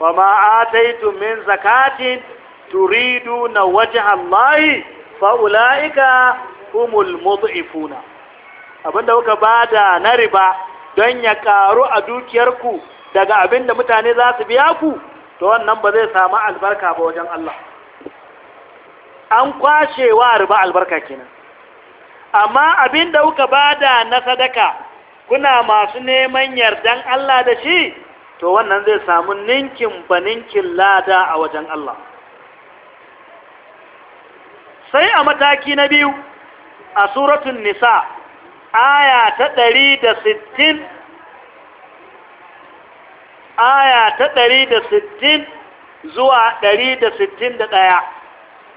wa ta yi min zakatin turidu na Allah fa faula'ika humul mudhifuna abinda kuka ba da na riba don ya karu a dukiyarku daga abinda mutane za su biya ku to wannan ba zai samu albarka ba wajen Allah an kwashe wa riba albarka kenan amma abin da kuka ba da na sadaka kuna masu neman yardan Allah da shi to wannan zai samu ninkin ba ninkin lada a wajen Allah sai a mataki na biyu a suratun nisa aya ta ɗari da sittin aya ta ɗari zuwa ɗari da sittin da ɗaya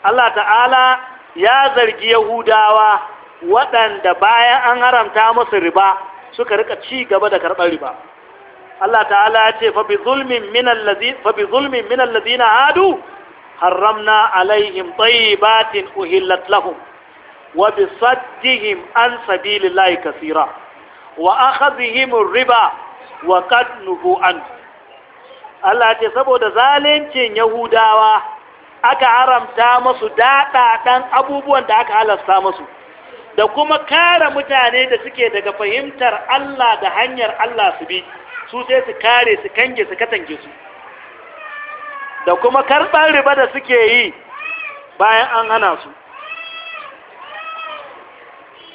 Allah ta'ala ya zargi Yahudawa waɗanda bayan an haramta musu riba suka rika ci gaba da karɓar riba Allah ta'ala ya ce fa bi zulmin min allazi hadu حرمنا عليهم طيبات أهلت لهم وبصدهم عن سبيل الله كثيرا وأخذهم الربا وقد نهوا عنه Allah ce saboda zaluncin Yahudawa aka haramta masu daɗaɗan abubuwan da aka halasta masu da kuma kare mutane da suke daga fahimtar Allah da hanyar Allah su bi su sai su kare su kange su katange su da kuma karɓar riba da suke yi bayan an hana su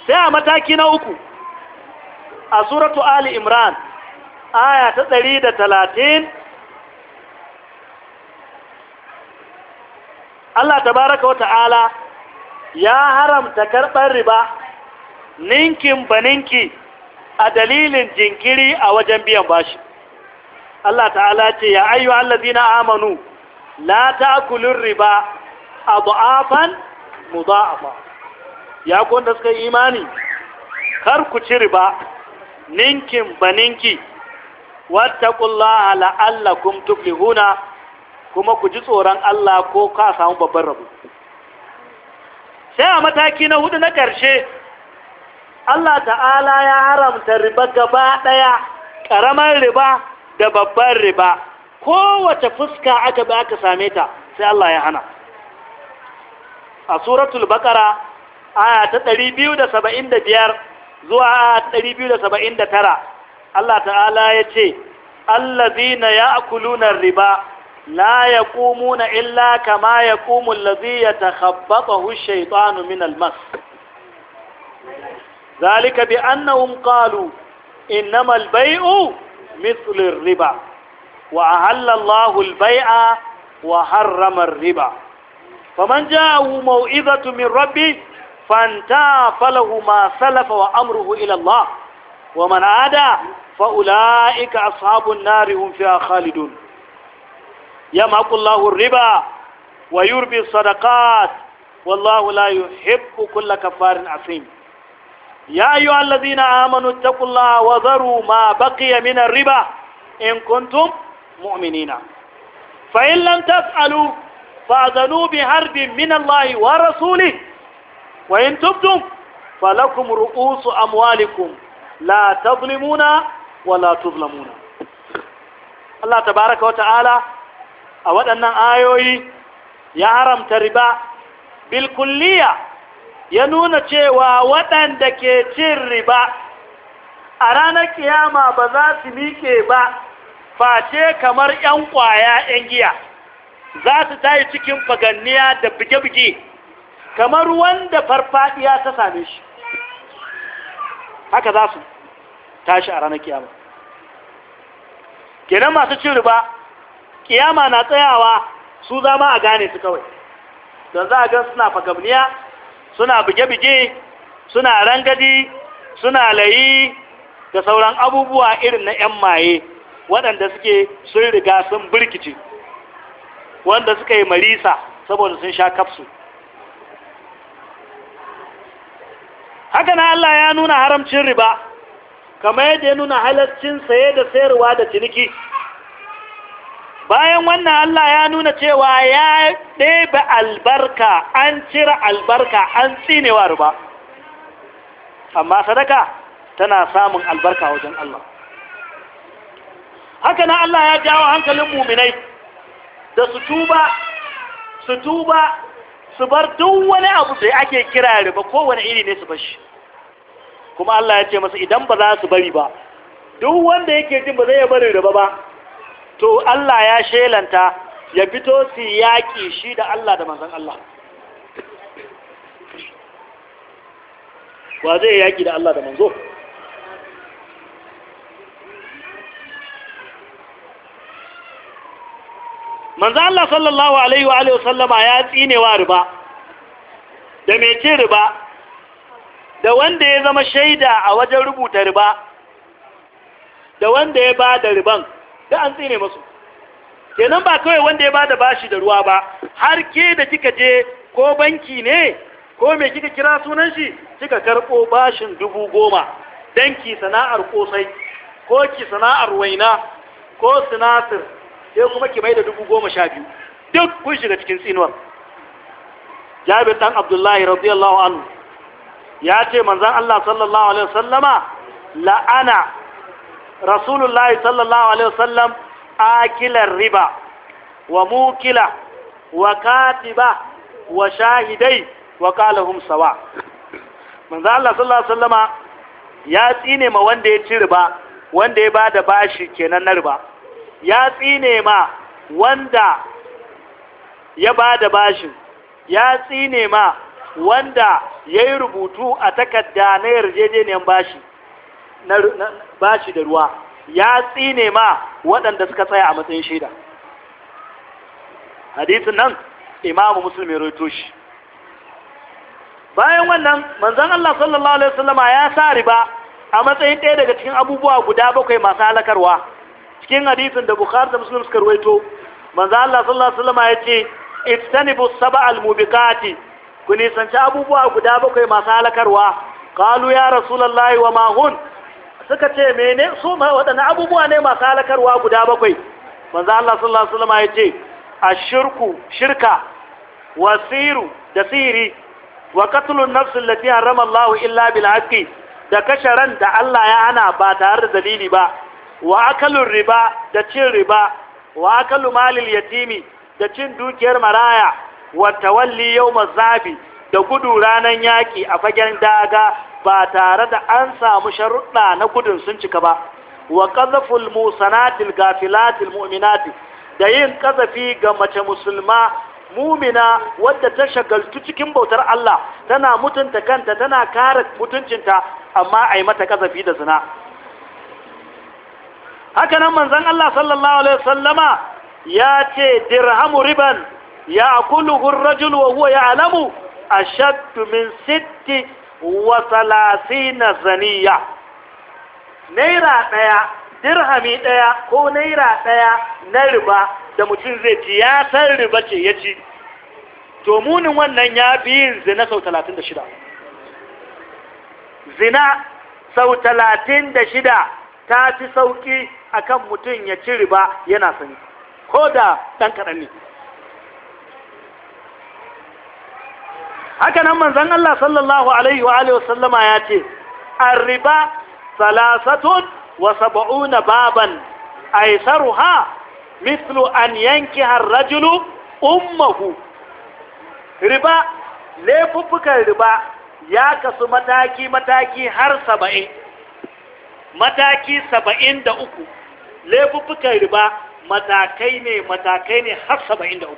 sai a mataki na uku a suratu ali imran aya ta ɗari da talatin Allah wata'ala ya haramta karɓar riba ninkin baninki a dalilin jinkiri a wajen biyan bashi Allah ta'ala ce ya ayyu na amanu la ta'kulur riba adafan mudafa ya ku suka yi imani kar ku ci riba ninkin baninki wattaqullaha la'allakum tuflihuna kuma ku ji tsoron Allah ko ka samu babban rabo sai a mataki na hudu na ƙarshe Allah ta'ala ya haramta riba gaba ɗaya ƙaramar riba da babbar riba kowace fuska aka bi aka same ta sai Allah ya hana a suratul baqara aya ta 275 zuwa aya ta 279 Allah ta'ala ya ce allazina ya'kuluna riba la yaqumuna illa kama yaqumu allazi yatakhabbathu ash-shaytanu min al-mas ذلك بأنهم قالوا إنما البيع مثل riba. وأهل الله البيع وحرم الربا فمن جاءه موئذة من ربه فانتهى فله ما سلف وأمره إلى الله ومن عادى فأولئك أصحاب النار هم فيها خالدون يمحق الله الربا ويربي الصدقات والله لا يحب كل كفار عصيم يا أيها الذين آمنوا اتقوا الله وذروا ما بقي من الربا إن كنتم mu'minina fa in lam tas'alu fa'zanu bi harbin min wa rasulih wa in tubtum falakum ru'usu amwalikum la tazlimuna wa la tuzlamuna Allah tabaraka wa ta'ala a waɗannan ayoyi ya haramta riba bilkulliya ya nuna cewa waɗanda ke cin riba a ranar ƙiyama ba za su miƙe ba face kamar ‘yan ƙwaya ‘yan giya za su tayi cikin faganniya da buge-buge kamar wanda farfadiya ta same shi haka za su tashi a ranar kiyama kenan masu cin riba kiyama na tsayawa su zama a gane su kawai don za a gan suna faganniya, suna buge-buge suna rangadi suna layi da sauran abubuwa irin na 'yan maye waɗanda suke sun riga sun birkice wanda suka yi marisa saboda sun sha kafsu haka na Allah ya nuna haramcin riba kama yadda ya nuna halarcin saye da sayarwa da ciniki bayan wannan Allah ya nuna cewa ya ɗebe albarka an cire albarka an tsinewa riba amma sadaka tana samun albarka wajen Allah haka na Allah ya jawo hankalin muminai da su tuba su tuba su bar duk wani abu da ake kira riba kowane iri ne su bashi kuma Allah ya ce masa idan ba za su bari ba duk wanda yake jin ba zai bari riba ba to Allah ya shelanta ya fito su yaƙi shi da Allah da manzon Allah wa zai yaƙi da Allah da manzon. manzo Allah sallallahu alaihi wa alihi sallama ya tsinewa riba da mai ce riba da wanda ya zama shaida a wajen rubuta riba da wanda ya ba da riban da an tsine musu kenan ba kawai wanda ya ba da bashi da ruwa ba har ke da kika je ko banki ne ko me kika kira sunan shi kika karbo bashin dubu goma danki ki sana'ar kosai ko ki sana'ar waina ko sinasir sai kuma ki maida dubu goma sha biyu duk kun shiga cikin tsinuwar jabir dan abdullahi radiyallahu anhu ya ce manzon Allah sallallahu alaihi wasallama la'ana rasulullahi sallallahu alaihi wasallam akilar riba wa mukila wa katiba wa shahidai wa qalahum sawa manzon Allah sallallahu alaihi wasallama ya tsine ma wanda ya ci riba wanda ya bada bashi kenan na riba ya tsine ma wanda ya ba da bashin ya tsine ma wanda ya yi rubutu a takarda na yarjejeniyar bashi na bashi da ruwa ya tsine ma waɗanda suka tsaya a matsayin shaida hadisin nan imamu musulmi shi bayan wannan manzan Allah sallallahu Alaihi wasallama ya sa riba a matsayin ɗaya daga cikin abubuwa guda bakwai masu halakarwa cikin hadisin da bukhari da muslim suka ruwaito manzo Allah sallallahu alaihi wasallam ya ce ittanibu sab'al mubiqati ku nisanci abubuwa guda bakwai masu halakarwa qalu ya rasulullahi wa ma hun suka ce mene su ma wadannan abubuwa ne masu halakarwa guda bakwai manzo Allah sallallahu alaihi wasallam ya ce ashirku shirka wasiru da sihiri wa an nafs allati harrama Allah illa bil haqqi da kasharan da Allah ya hana ba tare da dalili ba wa akalun riba da cin riba wa akalu malil yatimi da cin dukiyar maraya wa tawalli yawma zabi da gudu ranar yaki a fagen daga ba tare da an samu sharuɗa na gudun sun cika ba wa qazaful musanatil gafilatil mu'minati da yin ƙazafi ga mace musulma mumina wadda ta shagaltu cikin bautar Allah tana mutunta kanta tana kare mutuncinta amma ai mata ƙazafi da zina haka nan manzon Allah sallallahu alaihi wasallama ya ce dirhamu riban ya kulu ar-rajul wa huwa ya'lamu ashaddu min sitti wa salasina zaniya naira daya dirhami daya ko naira daya na riba da mutum zai ci ya san riba ce ya ci to munin wannan ya fi yin zina sau 36 zina sau talatin 36 ta fi sauki akan mutum ya ci riba yana sani ko da ɗan kaɗan ne haka nan manzan Allah sallallahu alaihi wa sallama ya ce an riba salasatun wa sab'una baban ha mislu an yanki ar-rajulu riba laifuffukan riba ya kasu mataki mataki har saba'in mataki saba'in da uku laifuffukan riba matakai ne matakai ne har 73 da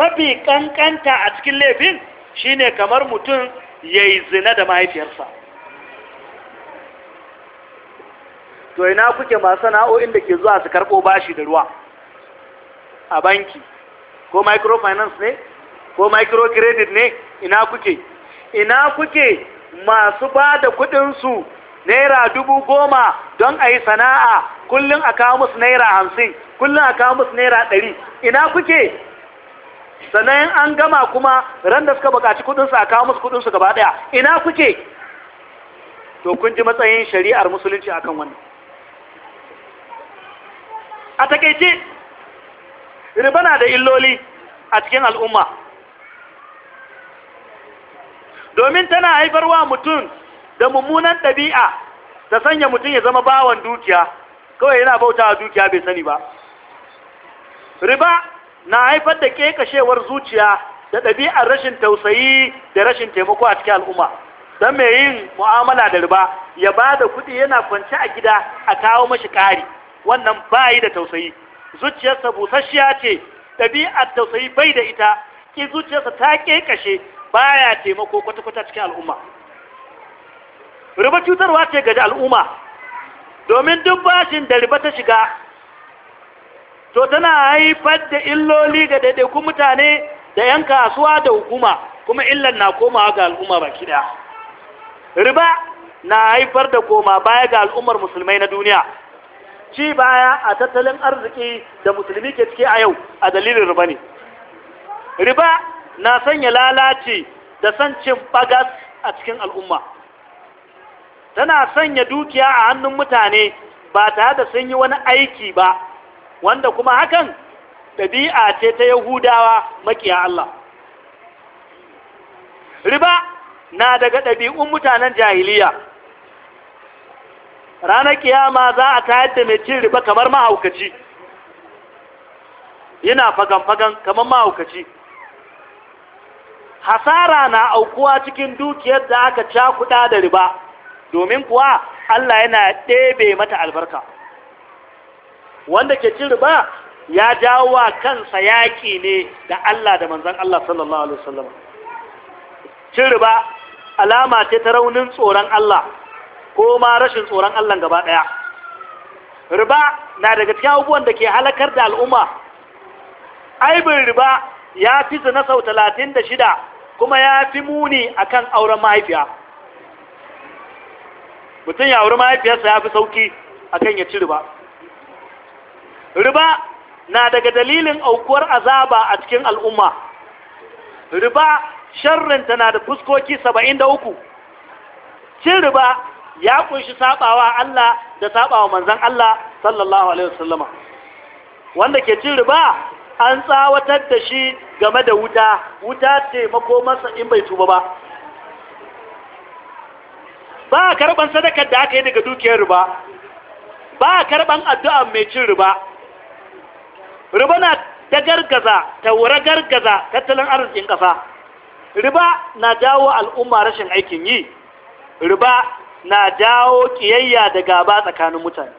mafi kankanta a cikin laifin shine kamar mutum ya yi zina da mahaifiyarsa to ina kuke masu sana'o'in da ke zuwa su karɓo bashi da ruwa a banki ko microfinance ne ko microcredit ne ina kuke ina kuke masu ba da kudinsu naira dubu goma don a yi sana'a kullum a kawo musu naira hamsin kullum a kawo musu naira ɗari ina kuke sanayin an gama kuma ran da suka bukaci kuɗinsu a kawo musu kuɗinsu gaba ɗaya ina kuke to kun ji matsayin shari'ar musulunci akan wannan a takaice riba na da illoli a cikin al'umma domin tana haifarwa mutum da mummunan ɗabi'a ta sanya mutum ya zama bawon dukiya kawai yana bauta a dukiya bai sani ba riba na haifar da ƙeƙashewar zuciya da ɗabi'ar rashin tausayi da rashin taimako a cikin al'umma don mai yin mu'amala da riba ya ba da kuɗi yana kwance a gida a kawo mashi ƙari wannan bayi da tausayi zuciyarsa busasshiya ce ɗabi'ar tausayi bai da ita ki zuciyarsa ta ba baya taimako kwata-kwata cikin al'umma riba cutarwa ce ga al'umma domin duk bashin da riba ta shiga to tana haifar da illoli ga ku mutane da 'yan kasuwa da hukuma kuma illan na komawa ga al'umma baki daya riba na haifar da koma baya ga al'ummar musulmai na duniya ci baya a tattalin arziki da musulmi ke cike a yau a dalilin riba ne riba na sanya lalace da son cin bagas a cikin al'umma tana sanya dukiya a hannun mutane ba tare da sun yi wani aiki ba wanda kuma hakan ɗabi'a ce ta yahudawa makiya Allah riba na daga ɗabi'un mutanen jahiliya ranar kiyama za a tayar da mai cin riba kamar mahaukaci yana fagan-fagan kamar mahaukaci hasara na aukuwa cikin dukiyar da aka cakuɗa da riba domin kuwa Allah yana ɗebe mata albarka wanda ke cin riba ya jawo kansa yaƙi ne da Allah da manzan Allah sallallahu alaihi wasallam cin riba alama ce ta raunin tsoron Allah ko ma rashin tsoron Allah gaba ɗaya riba na daga cikin abubuwan da ke halakar da al'umma aibin riba ya fi zina sau talatin da shida kuma ya fi muni akan auren mahaifiya mutum ya wuri mahaifiyarsa ya fi sauki kan ya ci riba riba na daga dalilin aukuwar azaba a cikin al'umma riba sharrinta na da fuskoki saba'in da uku cin riba ya kunshi sabawa Allah da sabawa manzan Allah sallallahu alaihi wasallama wanda ke cin riba an tsawatar da shi game da wuta wuta taimako masa in bai tuba ba ba a karɓar sadakar da aka yi daga dukiyar riba ba a karɓar addu'a mai cin riba riba na ta gargaza ta wura gargaza tattalin arzikin ƙasa riba na jawo al'umma rashin aikin yi riba na jawo ƙiyayya da gaba tsakanin mutane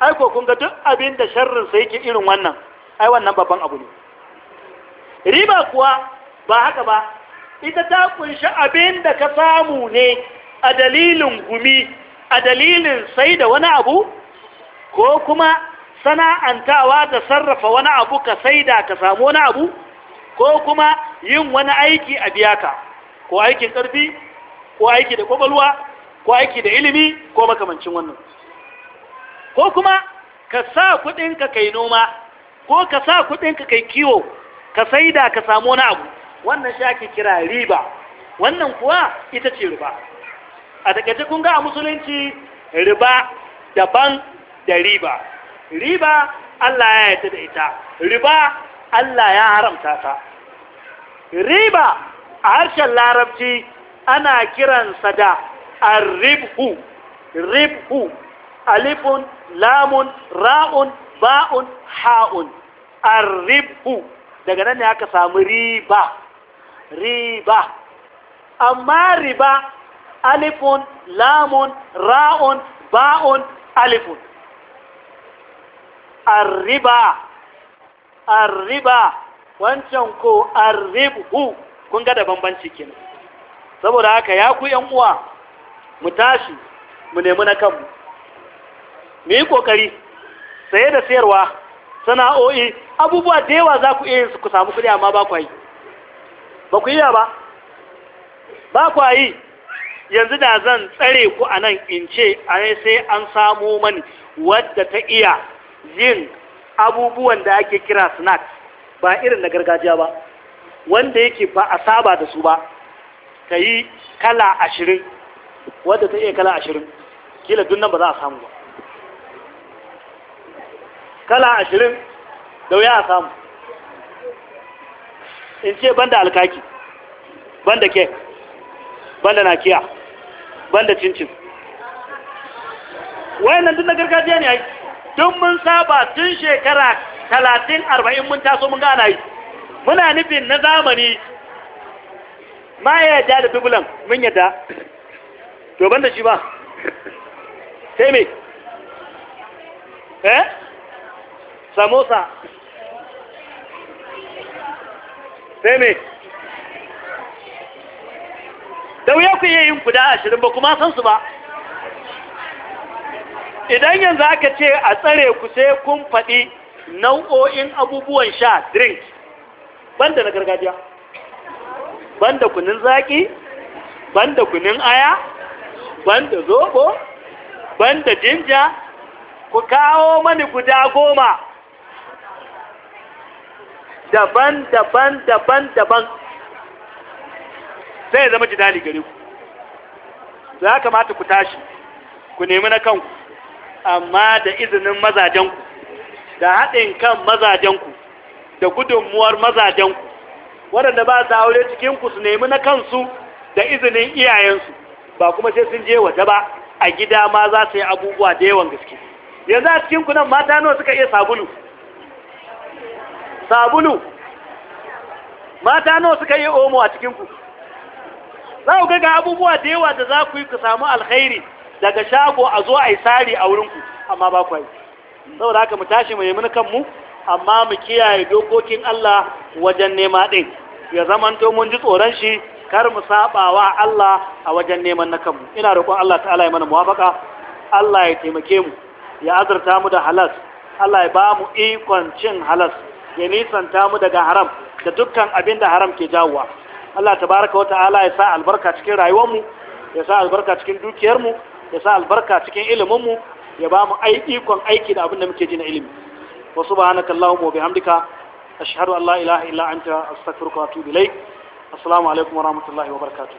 ai kun ga duk abin da sharrinsa yake irin wannan ai wannan babban abu ne riba kuwa ba haka ba ita ta kunshi abin da ka samu ne a dalilin gumi a dalilin sai da wani abu ko kuma sana'antawa da sarrafa wani abu ka saida ka samu wani abu ko kuma yin wani aiki a biya ka ko aikin ƙarfi ko aiki da ƙwaƙwalwa ko aiki da ilimi ko makamancin wannan ko kuma ka sa kuɗinka kai noma ko ka sa kuɗinka kai kiwo ka saida ka samu wani abu wannan shi ake kira riba wannan kuwa ita ce riba a takaice kun ga a musulunci riba daban da riba riba Allah ya yarda da ita riba Allah ya haramta ta riba a harshen larabci ana kiransa da arribhu ribhu alifun lamun ra'un ba'un ha'un arribhu daga nan ne aka samu riba riba amma riba alifun lamun ra'un ba'un alifun arriba arriba wancan ko arribu kun ga da bambanci kenan saboda haka ya ku yan uwa mu tashi mu nemi na kanmu mu yi kokari saye da sayarwa sana'o'i abubuwa da yawa za ku iya ku samu kuɗi amma ba ku yi ba ku yi ba ba ku yi yanzu da zan tsare ku a nan in ce sai an samo mani wadda ta iya yin abubuwan da ake kira snack ba irin na gargajiya ba wanda yake ba a saba da su ba ka yi kala ashirin wadda ta iya kala ashirin kila dun nan ba za a samu ba kala ashirin da wuya a samu in ce banda alkaki banda ke banda nakiya banda cincin wayannan duk na gargajiya ne ai tun mun saba tun shekara talatin arba'in mun taso mun gana yi muna nufin na zamani ma ya yadda da dubulan mun yadda to banda shi ba sai me eh samosa sai me da wuya ku iya yin guda ashirin ba kuma san su ba idan yanzu aka ce a tsare ku sai kun faɗi nau'o'in abubuwan sha drink banda na gargajiya banda kunin zaƙi banda kunin aya banda zobo banda jinja ku kawo mani guda goma daban daban daban daban sai ya zama jidali gare ku za kamata ku tashi ku nemi na kanku amma da izinin mazajenku da haɗin kan mazajenku da gudunmuwar mazajenku waɗanda ba su aure cikinku su nemi na kansu da izinin iyayensu ba kuma sai sun je waje ba a gida ma za su yi abubuwa da yawan gaske yanzu a cikinku nan mata nawa suka iya sabulu sabulu mata nawa suka iya omo a cikinku za ku ga abubuwa da yawa da za ku yi ku samu alkhairi daga shago a zo a yi sari a wurinku amma ba ku yi saboda haka mu tashi mu nemi kanmu amma mu kiyaye dokokin Allah wajen nema ɗin ya zamanto mun ji tsoron shi kar mu saba wa Allah a wajen neman na kanmu ina roƙon Allah ta'ala ya mana muwafaka Allah ya taimake mu ya azurta mu da halas Allah ya ba mu ikon cin halas ya nisanta mu daga haram da dukkan abin da haram ke jawowa Allah tabaraka wa ta'ala ya sa albarka cikin rayuwarmu ya sa albarka cikin dukiyarmu ya sa albarka cikin iliminmu ya ba mu ikon aiki da abin da muke ji na ilimi wa subhanaka allahumma wa bihamdika ashhadu an la ilaha illa anta astaghfiruka wa atubu ilaik assalamu alaikum wa rahmatullahi wa barakatuh